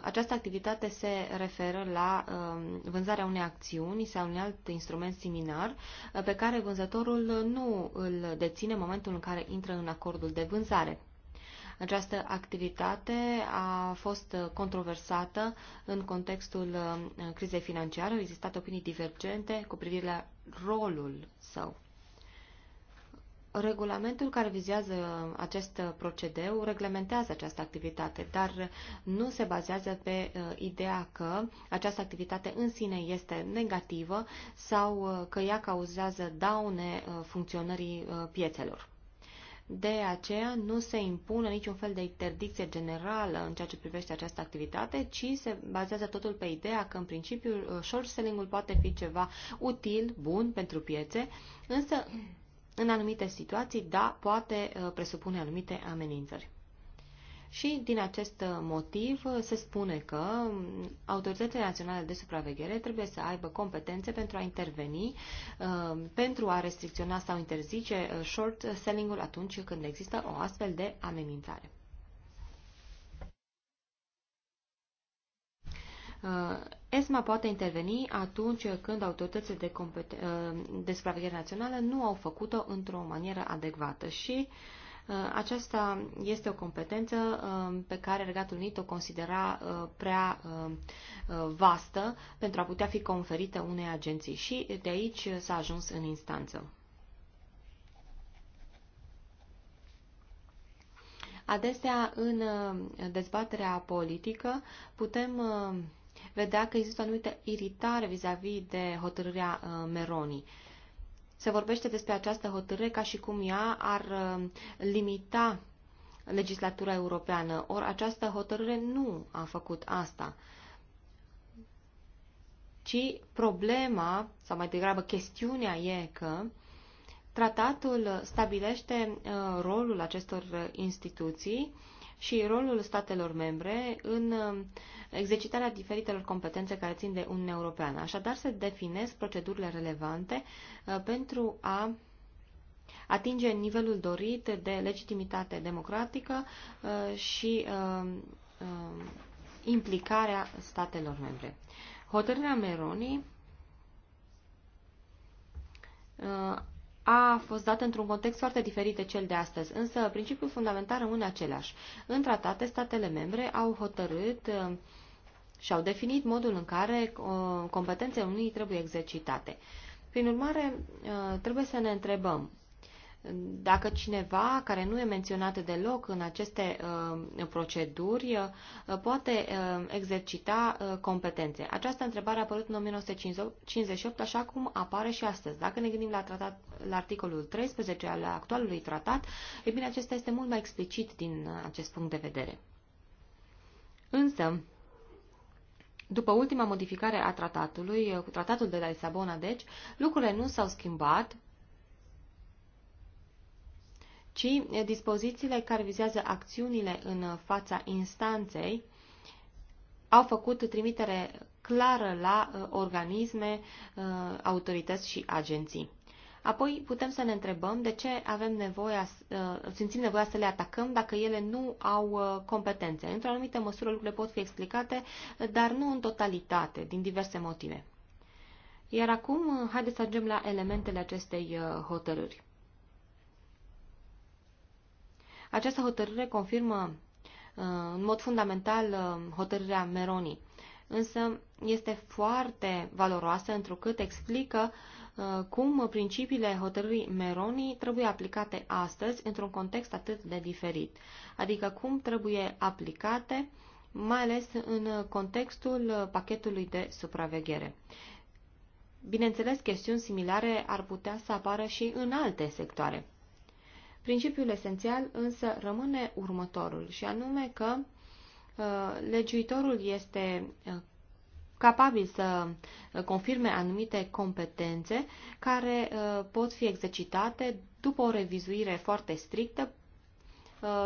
Această activitate se referă la um, vânzarea unei acțiuni sau unui alt instrument similar uh, pe care vânzătorul nu îl deține în momentul în care intră în acordul de vânzare. Această activitate a fost controversată în contextul uh, crizei financiare. Au existat opinii divergente cu privire la rolul său. Regulamentul care vizează acest procedeu reglementează această activitate, dar nu se bazează pe uh, ideea că această activitate în sine este negativă sau uh, că ea cauzează daune uh, funcționării piețelor. De aceea nu se impune niciun fel de interdicție generală în ceea ce privește această activitate, ci se bazează totul pe ideea că, în principiu, short selling-ul poate fi ceva util, bun pentru piețe, însă în anumite situații, da, poate uh, presupune anumite amenințări. Și din acest uh, motiv uh, se spune că um, autoritățile naționale de supraveghere trebuie să aibă competențe pentru a interveni, um, pentru a restricționa sau interzice short selling-ul atunci când există o astfel de amenințare. Uh, ESMA poate interveni atunci când autoritățile de, uh, de supraveghere națională nu au făcut-o într-o manieră adecvată și uh, aceasta este o competență pe care Regatul Unit o considera prea vastă pentru a putea fi conferită unei agenții și de aici s-a ajuns în instanță. Adesea, în dezbaterea politică, putem vedea că există o anumită iritare vis-a-vis -vis de hotărârea uh, Meroni. Se vorbește despre această hotărâre ca și cum ea ar uh, limita legislatura europeană, ori această hotărâre nu a făcut asta ci problema, sau mai degrabă chestiunea e că tratatul stabilește uh, rolul acestor instituții și rolul statelor membre în um, exercitarea diferitelor competențe care țin de Uniunea Europeană. Așadar, se definesc procedurile relevante uh, pentru a atinge nivelul dorit de legitimitate democratică uh, și um, um, implicarea statelor membre. Hotărârea Meroni uh, a fost dat într-un context foarte diferit de cel de astăzi, însă principiul fundamental rămâne același. În tratate, statele membre au hotărât uh, și au definit modul în care uh, competențele Uniunii trebuie exercitate. Prin urmare, uh, trebuie să ne întrebăm dacă cineva care nu e menționat deloc în aceste uh, proceduri uh, poate uh, exercita uh, competențe. Această întrebare a apărut în 1958, așa cum apare și astăzi. Dacă ne gândim la, tratat, la articolul 13 al actualului tratat, e bine, acesta este mult mai explicit din acest punct de vedere. Însă, după ultima modificare a tratatului, uh, cu tratatul de la Lisabona, deci, lucrurile nu s-au schimbat ci dispozițiile care vizează acțiunile în fața instanței au făcut trimitere clară la uh, organisme, uh, autorități și agenții. Apoi putem să ne întrebăm de ce avem nevoia, uh, simțim nevoia să le atacăm dacă ele nu au competențe. Într-o anumită măsură lucrurile pot fi explicate, dar nu în totalitate, din diverse motive. Iar acum, haideți să ajungem la elementele acestei hotărâri. Această hotărâre confirmă uh, în mod fundamental uh, hotărârea Meroni, însă este foarte valoroasă întrucât explică uh, cum principiile hotărârii Meroni trebuie aplicate astăzi într-un context atât de diferit, adică cum trebuie aplicate mai ales în contextul pachetului de supraveghere. Bineînțeles, chestiuni similare ar putea să apară și în alte sectoare. Principiul esențial însă rămâne următorul și anume că uh, legiuitorul este uh, capabil să uh, confirme anumite competențe care pot fi exercitate după o revizuire foarte strictă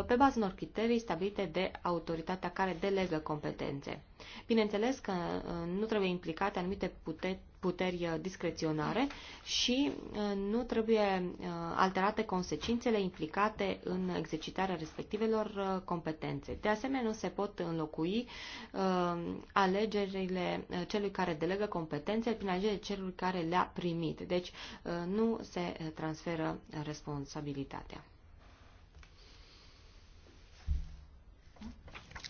pe baza unor criterii stabilite de autoritatea care delegă competențe. Bineînțeles că nu trebuie implicate anumite puteri puteri uh, discreționare și uh, nu trebuie uh, alterate consecințele implicate în exercitarea respectivelor competențe. De asemenea, nu se pot înlocui alegerile celui care delegă competențe prin alegerile celui care le-a primit. Deci nu se transferă responsabilitatea.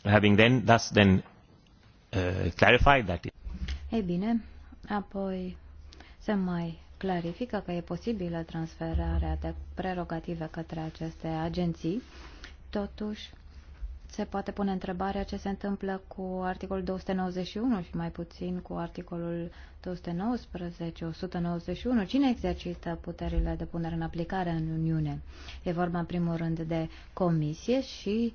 Having then, thus then uh, clarified that. Ei bine, Apoi se mai clarifică că e posibilă transferarea de prerogative către aceste agenții. Totuși, se poate pune întrebarea ce se întâmplă cu articolul 291 și mai puțin cu articolul 219, 191. Cine exercită puterile de punere în aplicare în Uniune? E vorba în primul rând de comisie și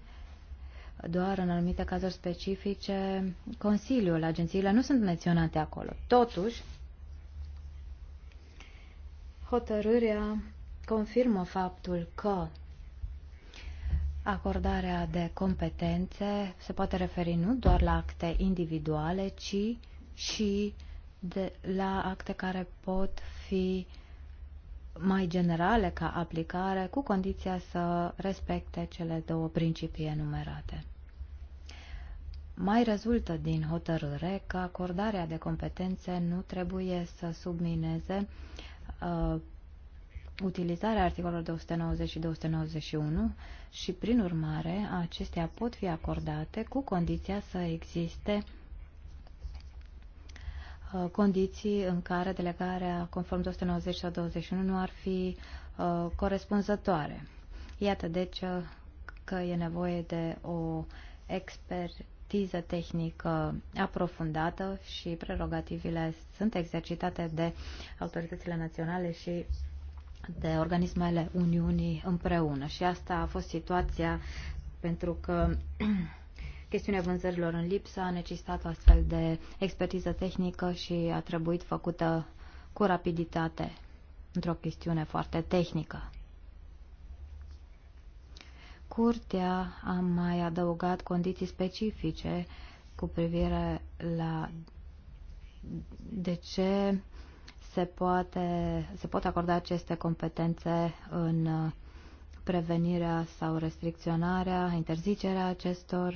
doar în anumite cazuri specifice Consiliul, agențiile nu sunt menționate acolo. Totuși, hotărârea confirmă faptul că acordarea de competențe se poate referi nu doar la acte individuale, ci și de, la acte care pot fi uh, mai generale ca aplicare, cu condiția să respecte cele două principii enumerate. Mai rezultă din hotărâre că acordarea de competențe nu trebuie să submineze uh, utilizarea articolelor 290 și 291 și, prin urmare, acestea pot fi acordate cu condiția să existe uh, Uh, condiții în care delegarea conform 290 sau 21 nu ar fi uh, corespunzătoare. Iată deci uh, că e nevoie de o expertiză tehnică aprofundată și prerogativile sunt exercitate de autoritățile naționale și de organismele Uniunii împreună. Și asta a fost situația pentru că [CLEARS THROAT] chestiunea vânzărilor în lipsă a necesitat astfel de expertiză tehnică și a trebuit făcută cu rapiditate într-o chestiune foarte tehnică. Curtea a mai adăugat condiții specifice cu privire la de ce se, poate, se pot acorda aceste competențe în prevenirea sau restricționarea, interzicerea acestor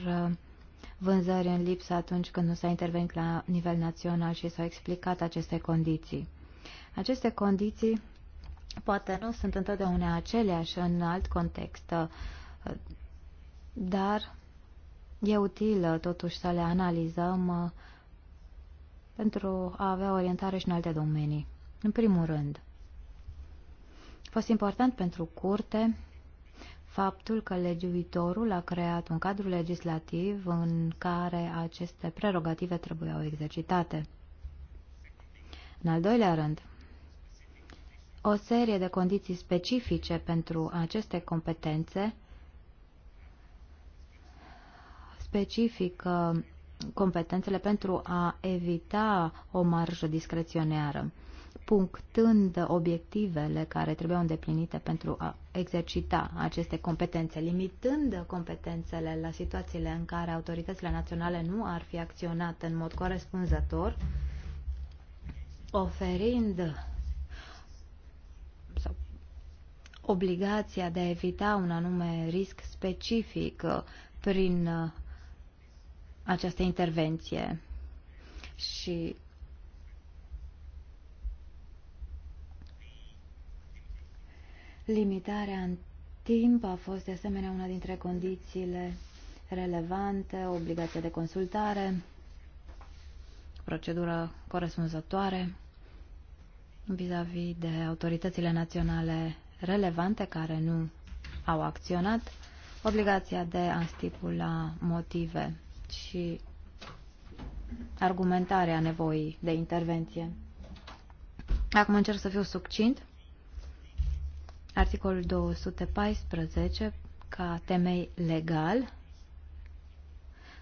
vânzări în lipsă atunci când nu s-a intervenit la nivel național și s-au explicat aceste condiții. Aceste condiții poate nu sunt întotdeauna aceleași în alt context, dar e util totuși să le analizăm pentru a avea orientare și în alte domenii. În primul rând, a fost important pentru curte faptul că legiuitorul a creat un cadru legislativ în care aceste prerogative trebuiau exercitate. În al doilea rând, o serie de condiții specifice pentru aceste competențe specifică competențele pentru a evita o marjă discreționară punctând obiectivele care trebuiau îndeplinite pentru a exercita aceste competențe, limitând competențele la situațiile în care autoritățile naționale nu ar fi acționat în mod corespunzător, oferind obligația de a evita un anume risc specific prin această intervenție și Limitarea în timp a fost de asemenea una dintre condițiile relevante, obligația de consultare, procedură corespunzătoare vis-a-vis -vis de autoritățile naționale relevante care nu au acționat, obligația de a stipula motive și argumentarea nevoii de intervenție. Acum încerc să fiu succint articolul 214 ca temei legal,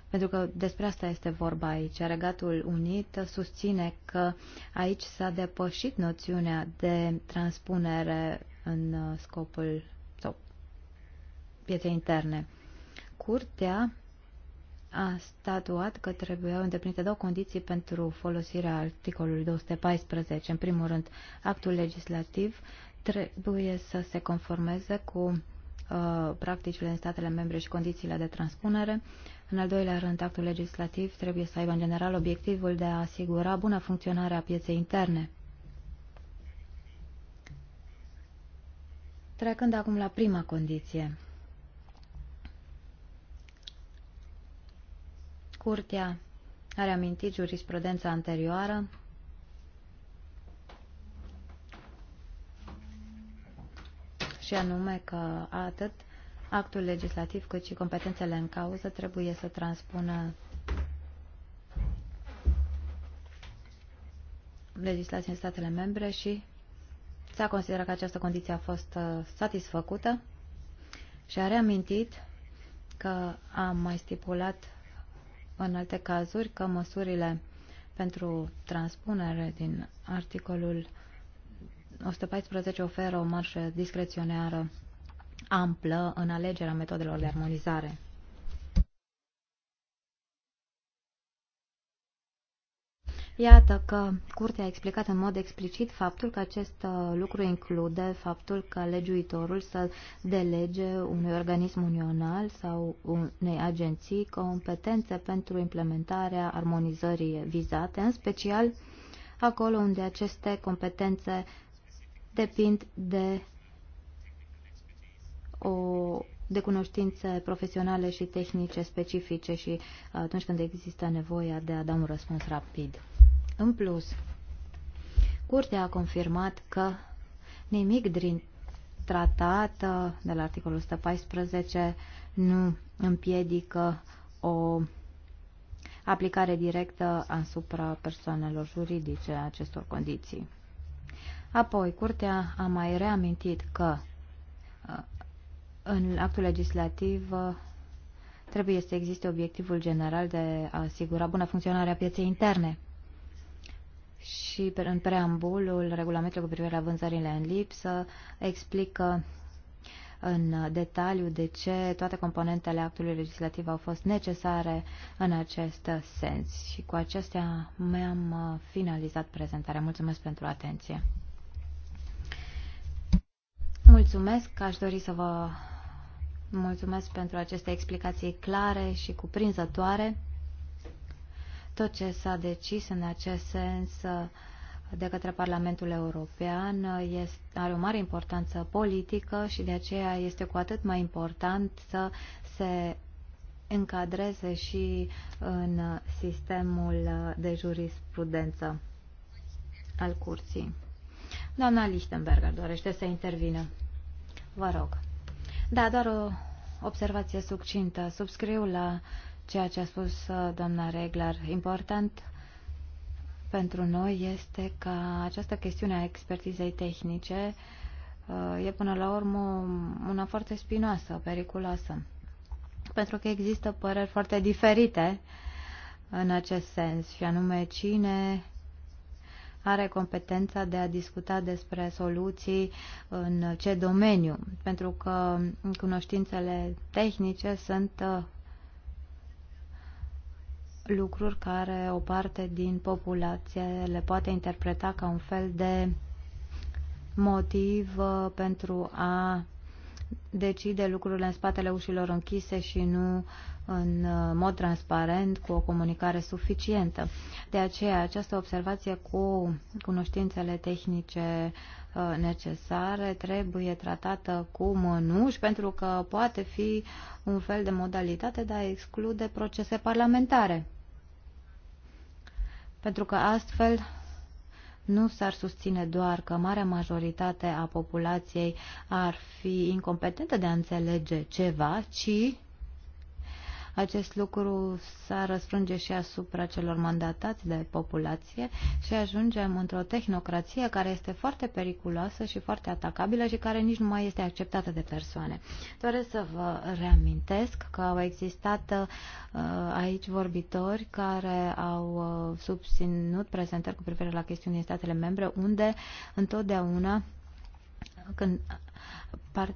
pentru că despre asta este vorba aici. Regatul Unit susține că aici s-a depășit noțiunea de transpunere în uh, scopul sau pieței interne. Curtea a statuat că trebuiau îndeplinite două condiții pentru folosirea articolului 214. În primul rând, actul legislativ trebuie să se conformeze cu uh, practicile în statele membre și condițiile de transpunere. În al doilea rând, actul legislativ trebuie să aibă în general obiectivul de a asigura bună funcționare a pieței interne. Trecând acum la prima condiție. Curtea a reamintit jurisprudența anterioară și anume că atât actul legislativ cât și competențele în cauză trebuie să transpună legislația în statele membre și s-a considerat că această condiție a fost uh, satisfăcută și a reamintit că am mai stipulat în alte cazuri că măsurile pentru transpunere din articolul 114 oferă o marșă discreționară amplă în alegerea metodelor de armonizare. Iată că Curtea a explicat în mod explicit faptul că acest uh, lucru include faptul că legiuitorul să delege unui organism unional sau unei agenții competențe pentru implementarea armonizării vizate, în special acolo unde aceste competențe depind de o de cunoștințe profesionale și tehnice specifice și uh, atunci când există nevoia de a da un răspuns rapid. În plus, Curtea a confirmat că nimic din tratat uh, de la articolul 114 nu împiedică o aplicare directă asupra persoanelor juridice a acestor condiții. Apoi, Curtea a mai reamintit că uh, în actul legislativ uh, trebuie să existe obiectivul general de a asigura bună funcționare a pieței interne. Și în preambulul regulamentului cu privire la vânzările în lipsă explică în detaliu de ce toate componentele actului legislativ au fost necesare în acest sens. Și cu acestea mi-am uh, finalizat prezentarea. Mulțumesc pentru atenție. Mulțumesc, aș dori să vă mulțumesc pentru aceste explicații clare și cuprinzătoare. Tot ce s-a decis în acest sens de către Parlamentul European este, are o mare importanță politică și de aceea este cu atât mai important să se încadreze și în sistemul de jurisprudență al curții. Doamna Lichtenberger dorește să intervină. Vă rog. Da, doar o observație succintă. Subscriu la ceea ce a spus uh, doamna Reglar. Important pentru noi este ca această chestiune a expertizei tehnice uh, e până la urmă una foarte spinoasă, periculoasă. Pentru că există păreri foarte diferite în acest sens, și anume cine are competența de a discuta despre soluții în ce domeniu, pentru că cunoștințele tehnice sunt uh, lucruri care o parte din populație le poate interpreta ca un fel de motiv uh, pentru a decide lucrurile în spatele ușilor închise și nu în uh, mod transparent, cu o comunicare suficientă. De aceea, această observație cu cunoștințele tehnice uh, necesare trebuie tratată cu mănuși, pentru că poate fi un fel de modalitate de a exclude procese parlamentare. Pentru că astfel nu s-ar susține doar că marea majoritate a populației ar fi incompetentă de a înțelege ceva, ci acest lucru s a răsfrânge și asupra celor mandatați de populație și ajungem într-o tehnocrație care este foarte periculoasă și foarte atacabilă și care nici nu mai este acceptată de persoane. Doresc să vă reamintesc că au existat uh, aici vorbitori care au uh, subținut prezentări cu privire la chestiuni din statele membre unde întotdeauna când part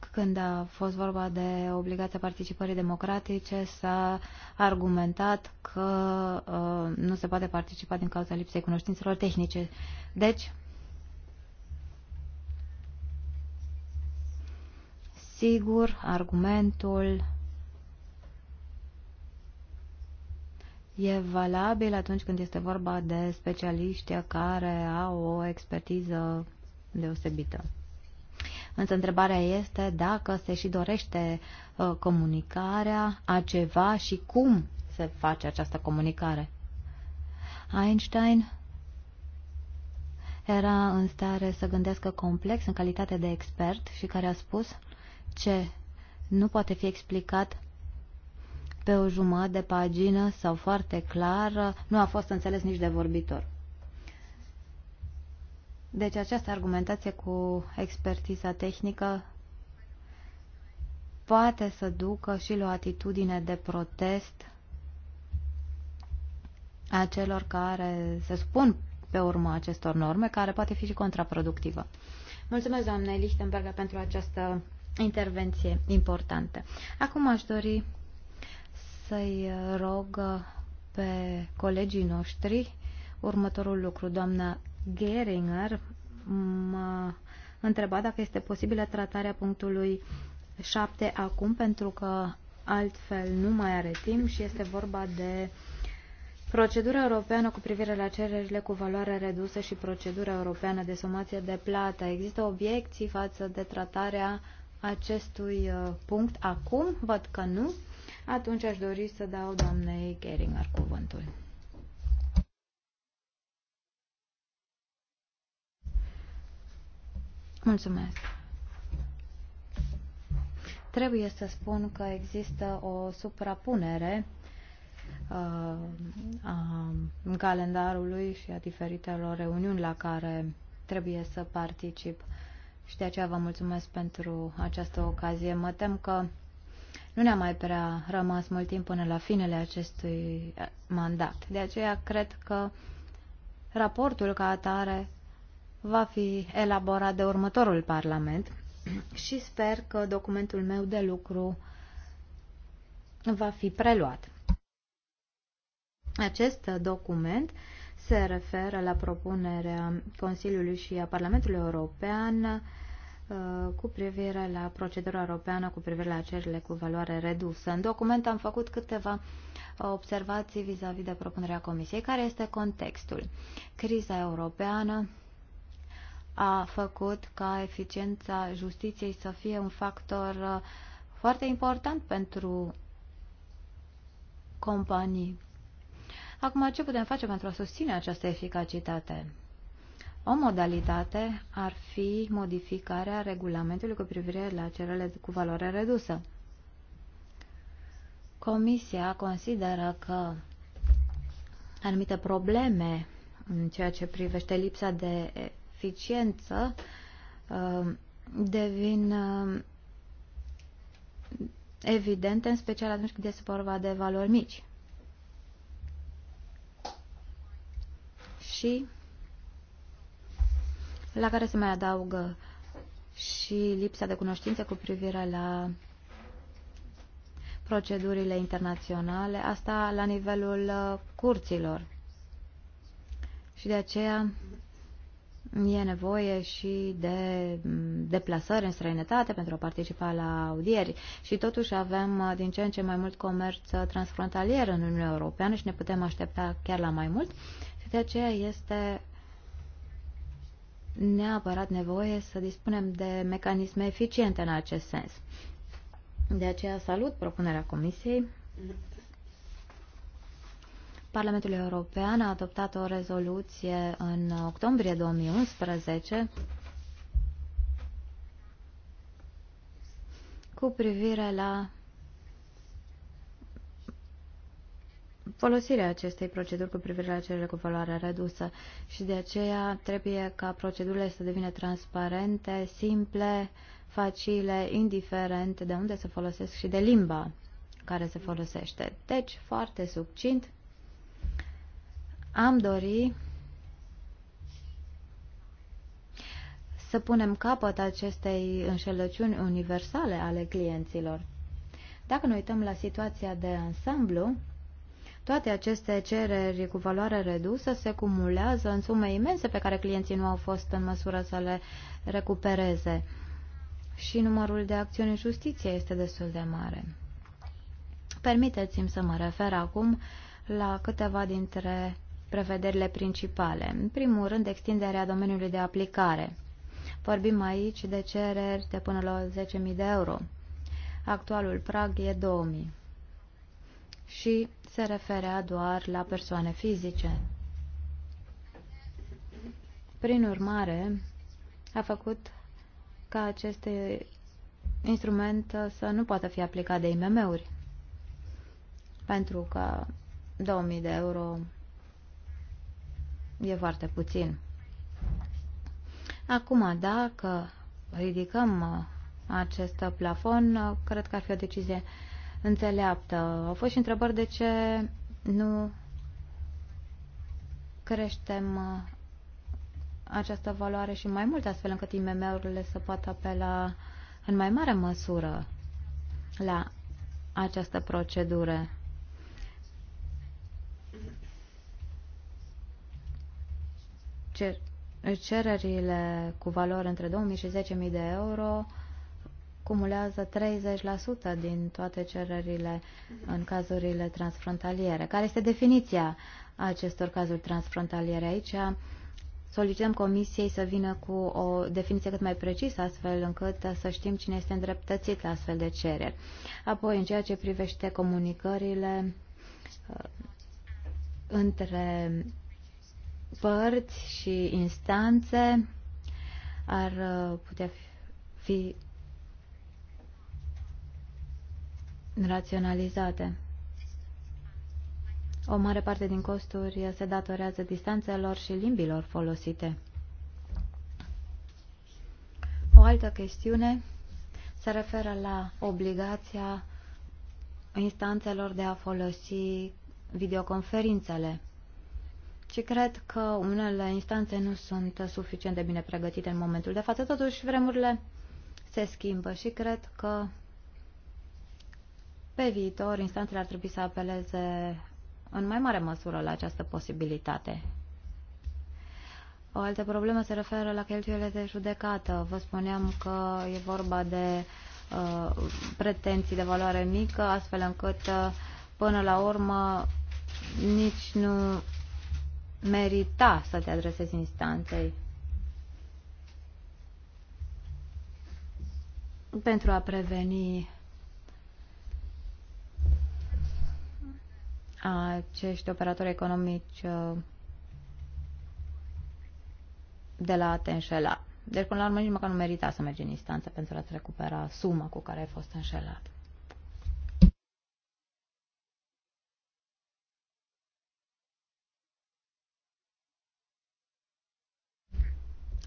când a fost vorba de obligația participării democratice, s-a argumentat că uh, nu se poate participa din cauza lipsei cunoștințelor tehnice. Deci, sigur, argumentul e valabil atunci când este vorba de specialiști care au o expertiză deosebită. Însă întrebarea este dacă se și dorește uh, comunicarea a ceva și cum se face această comunicare. Einstein era în stare să gândească complex în calitate de expert și care a spus ce nu poate fi explicat pe o jumătate de pagină sau foarte clar, nu a fost înțeles nici de vorbitor. Deci această argumentație cu expertiza tehnică poate să ducă și la o atitudine de protest a celor care se spun pe urma acestor norme, care poate fi și contraproductivă. Mulțumesc, doamne Lichtenberg, pentru această intervenție importantă. Acum aș dori să-i rog pe colegii noștri următorul lucru. Doamna Geringer m-a întrebat dacă este posibilă tratarea punctului 7 acum, pentru că altfel nu mai are timp și este vorba de procedura europeană cu privire la cererile cu valoare redusă și procedura europeană de somație de plată. Există obiecții față de tratarea acestui uh, punct acum? Văd că nu. Atunci aș dori să dau doamnei Geringer cuvântul. Mulțumesc. Trebuie să spun că există o suprapunere uh, a calendarului și a diferitelor reuniuni la care trebuie să particip și de aceea vă mulțumesc pentru această ocazie. Mă tem că nu ne-a mai prea rămas mult timp până la finele acestui mandat. De aceea cred că raportul ca atare va fi elaborat de următorul Parlament [CLEARS THROAT] și sper că documentul meu de lucru va fi preluat. Acest document se referă la propunerea Consiliului și a Parlamentului European uh, cu privire la procedura europeană cu privire la cererile cu valoare redusă. În document am făcut câteva observații vis-a-vis -vis de propunerea Comisiei. Care este contextul? Criza europeană a făcut ca eficiența justiției să fie un factor uh, foarte important pentru companii. Acum, ce putem face pentru a susține această eficacitate? O modalitate ar fi modificarea regulamentului cu privire la cerele cu valoare redusă. Comisia consideră că anumite probleme în ceea ce privește lipsa de eficiență uh, devin uh, evidente, în special atunci când este vorba de valori mici. Și la care se mai adaugă și lipsa de cunoștințe cu privire la procedurile internaționale, asta la nivelul uh, curților. Și de aceea e nevoie și de mm, deplasări în străinătate pentru a participa la audieri și totuși avem uh, din ce în ce mai mult comerț uh, transfrontalier în Uniunea Europeană și ne putem aștepta chiar la mai mult și de aceea este neapărat nevoie să dispunem de mecanisme eficiente în acest sens. De aceea salut propunerea Comisiei Parlamentul European a adoptat o rezoluție în octombrie 2011 cu privire la folosirea acestei proceduri cu privire la cererile cu valoare redusă și de aceea trebuie ca procedurile să devină transparente, simple, facile, indiferent de unde se folosesc și de limba care se folosește. Deci, foarte succint, am dori să punem capăt acestei înșelăciuni universale ale clienților. Dacă ne uităm la situația de ansamblu, toate aceste cereri cu valoare redusă se cumulează în sume imense pe care clienții nu au fost în măsură să le recupereze și numărul de acțiuni în justiție este destul de mare. Permiteți-mi să mă refer acum la câteva dintre prevederile principale. În primul rând, extinderea domeniului de aplicare. Vorbim aici de cereri de până la 10.000 de euro. Actualul prag e 2.000 și se referea doar la persoane fizice. Prin urmare, a făcut ca acest instrument să nu poată fi aplicat de IMM-uri, pentru că 2000 de euro e foarte puțin. Acum, dacă ridicăm uh, acest plafon, uh, cred că ar fi o decizie înțeleaptă. Au fost și întrebări de ce nu creștem uh, această valoare și mai mult, astfel încât IMM-urile să poată apela în mai mare măsură la această procedură. cer cererile cu valori între 2.000 și 10.000 de euro cumulează 30% din toate cererile în cazurile transfrontaliere. Care este definiția acestor cazuri transfrontaliere? Aici solicităm comisiei să vină cu o definiție cât mai precisă, astfel încât să știm cine este îndreptățit la astfel de cereri. Apoi, în ceea ce privește comunicările uh, între părți și instanțe ar uh, putea fi raționalizate. O mare parte din costuri se datorează distanțelor și limbilor folosite. O altă chestiune se referă la obligația instanțelor de a folosi videoconferințele și cred că unele instanțe nu sunt suficient de bine pregătite în momentul de față. Totuși, vremurile se schimbă și cred că pe viitor instanțele ar trebui să apeleze în mai mare măsură la această posibilitate. O altă problemă se referă la cheltuielile de judecată. Vă spuneam că e vorba de uh, pretenții de valoare mică, astfel încât uh, până la urmă nici nu merita să te adresezi instanței pentru a preveni acești operatori economici uh, de la a te înșela. Deci, până la urmă, nici măcar nu merita să mergi în instanță pentru a-ți recupera suma cu care ai fost înșelat.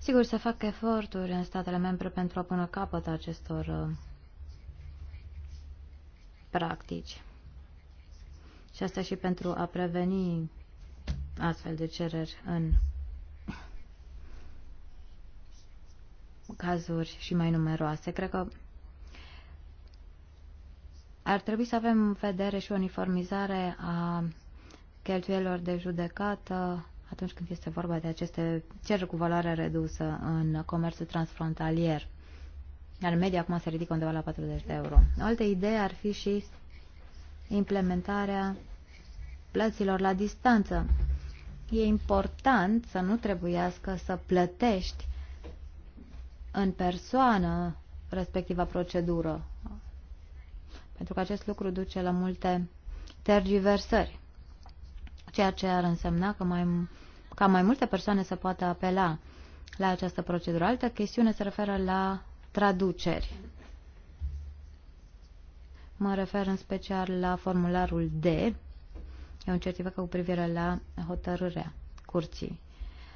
Sigur, se fac eforturi în statele membre pentru a pune capăt acestor uh, practici. Și asta și pentru a preveni astfel de cereri în cazuri și mai numeroase. Cred că ar trebui să avem în vedere și uniformizare a cheltuielor de judecată atunci când este vorba de aceste cereri cu valoare redusă în comerțul transfrontalier. Iar media acum se ridică undeva la 40 de euro. O altă idee ar fi și implementarea plăților la distanță. E important să nu trebuiască să plătești în persoană respectiva procedură, pentru că acest lucru duce la multe tergiversări ceea ce ar însemna că mai, ca mai multe persoane să poată apela la această procedură. Altă chestiune se referă la traduceri. Mă refer în special la formularul D, e un certificat cu privire la hotărârea curții.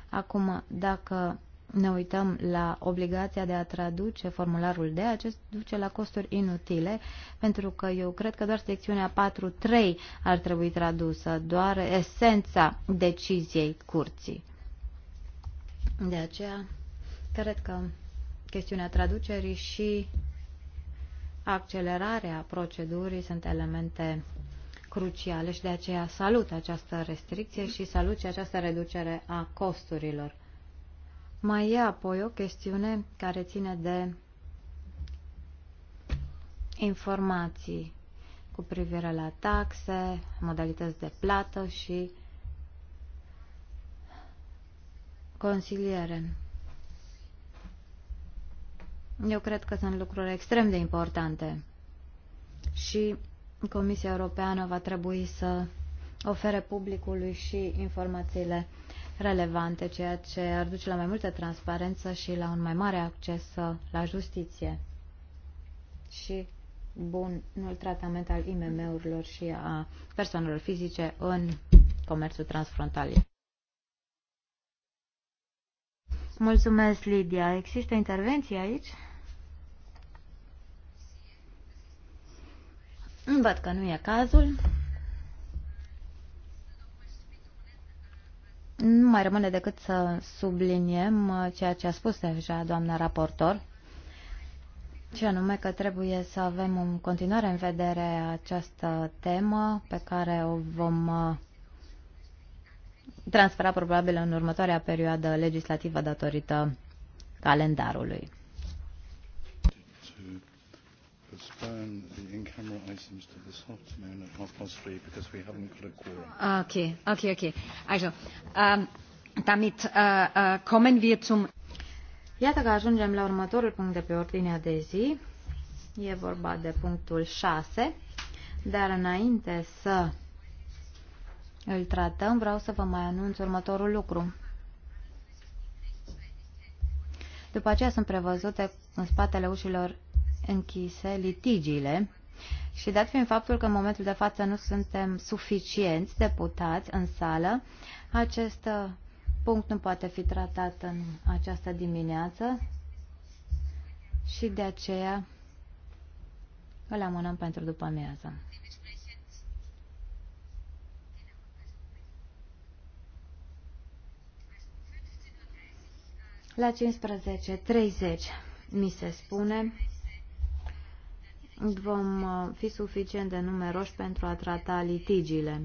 Acum, dacă ne uităm la obligația de a traduce formularul de acest duce la costuri inutile, pentru că eu cred că doar secțiunea 4.3 ar trebui tradusă, doar esența deciziei curții. De aceea, cred că chestiunea traducerii și accelerarea procedurii sunt elemente cruciale și de aceea salut această restricție și salut și această reducere a costurilor. Mai e apoi o chestiune care ține de informații cu privire la taxe, modalități de plată și consiliere. Eu cred că sunt lucruri extrem de importante și Comisia Europeană va trebui să ofere publicului și informațiile relevante, ceea ce ar duce la mai multă transparență și la un mai mare acces uh, la justiție și bunul tratament al IMM-urilor și a persoanelor fizice în comerțul transfrontalier. Mulțumesc, Lidia. Există intervenții aici? Văd că nu e cazul. Nu mai rămâne decât să subliniem uh, ceea ce a spus deja doamna raportor, și anume că trebuie să avem în continuare în vedere această temă pe care o vom uh, transfera probabil în următoarea perioadă legislativă datorită calendarului postpone the in-camera items to this afternoon at half past three because we haven't got a quorum. Ah, okay, okay, okay. Also, ähm, damit äh, äh, kommen wir zum... Iată că ajungem la următorul punct de pe ordinea de zi. E vorba de punctul 6, dar înainte să îl tratăm, vreau să vă mai anunț următorul lucru. După aceea sunt prevăzute în spatele ușilor închise litigiile și dat fiind faptul că în momentul de față nu suntem suficienți deputați în sală, acest uh, punct nu poate fi tratat în această dimineață și de aceea îl amânăm pentru după amiază. La 15.30 mi se spune vom uh, fi suficient de numeroși pentru a trata litigiile.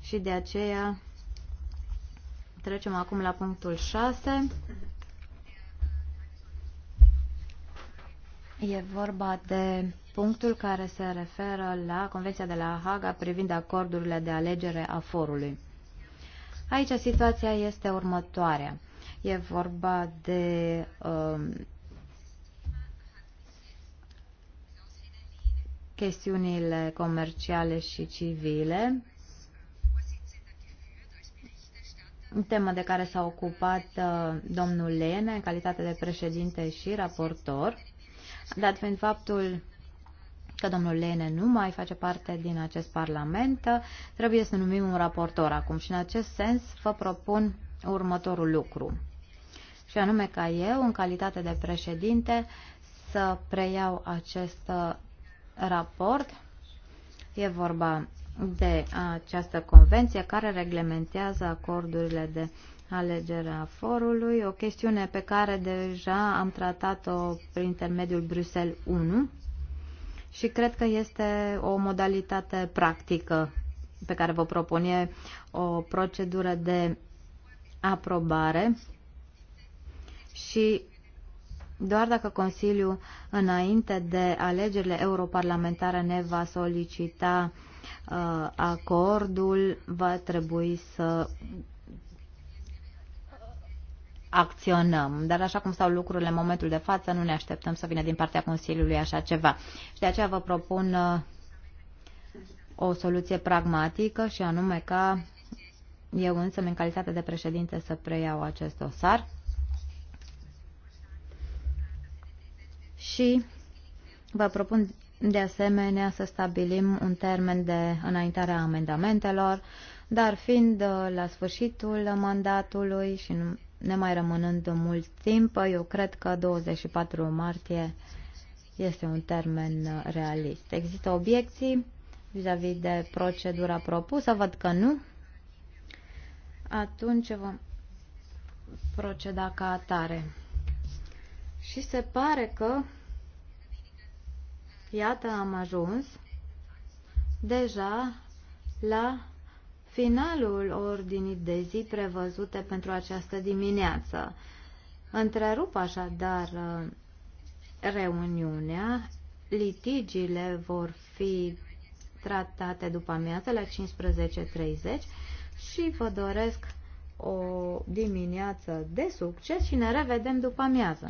Și de aceea trecem acum la punctul 6. E vorba de punctul care se referă la Convenția de la Haga privind acordurile de alegere a forului. Aici situația este următoarea. E vorba de uh, chestiunile comerciale și civile, temă de care s-a ocupat uh, domnul Lene în calitate de președinte și raportor, dat fiind faptul că domnul Lene nu mai face parte din acest parlament, uh, trebuie să numim un raportor acum și în acest sens vă propun următorul lucru. Și anume ca eu, în calitate de președinte, să preiau acest uh, raport e vorba de această convenție care reglementează acordurile de alegerea forului, o chestiune pe care deja am tratat-o prin intermediul Bruxelles 1 și cred că este o modalitate practică pe care vă propune o procedură de aprobare și doar dacă Consiliul, înainte de alegerile europarlamentare, ne va solicita uh, acordul, va trebui să acționăm. Dar așa cum stau lucrurile în momentul de față, nu ne așteptăm să vină din partea Consiliului așa ceva. Și de aceea vă propun uh, o soluție pragmatică și anume ca eu însă, în calitate de președinte, să preiau acest dosar. și vă propun de asemenea să stabilim un termen de înaintare a amendamentelor, dar fiind uh, la sfârșitul mandatului și ne mai rămânând mult timp, eu cred că 24 martie este un termen uh, realist. Există obiecții vis-a-vis -vis de procedura propusă? Văd că nu. Atunci vom proceda ca atare. Și se pare că, iată, am ajuns deja la finalul ordinii de zi prevăzute pentru această dimineață. Întrerup așadar uh, reuniunea, litigiile vor fi tratate după amiază la 15.30 și vă doresc o dimineață de succes și ne revedem după amiază.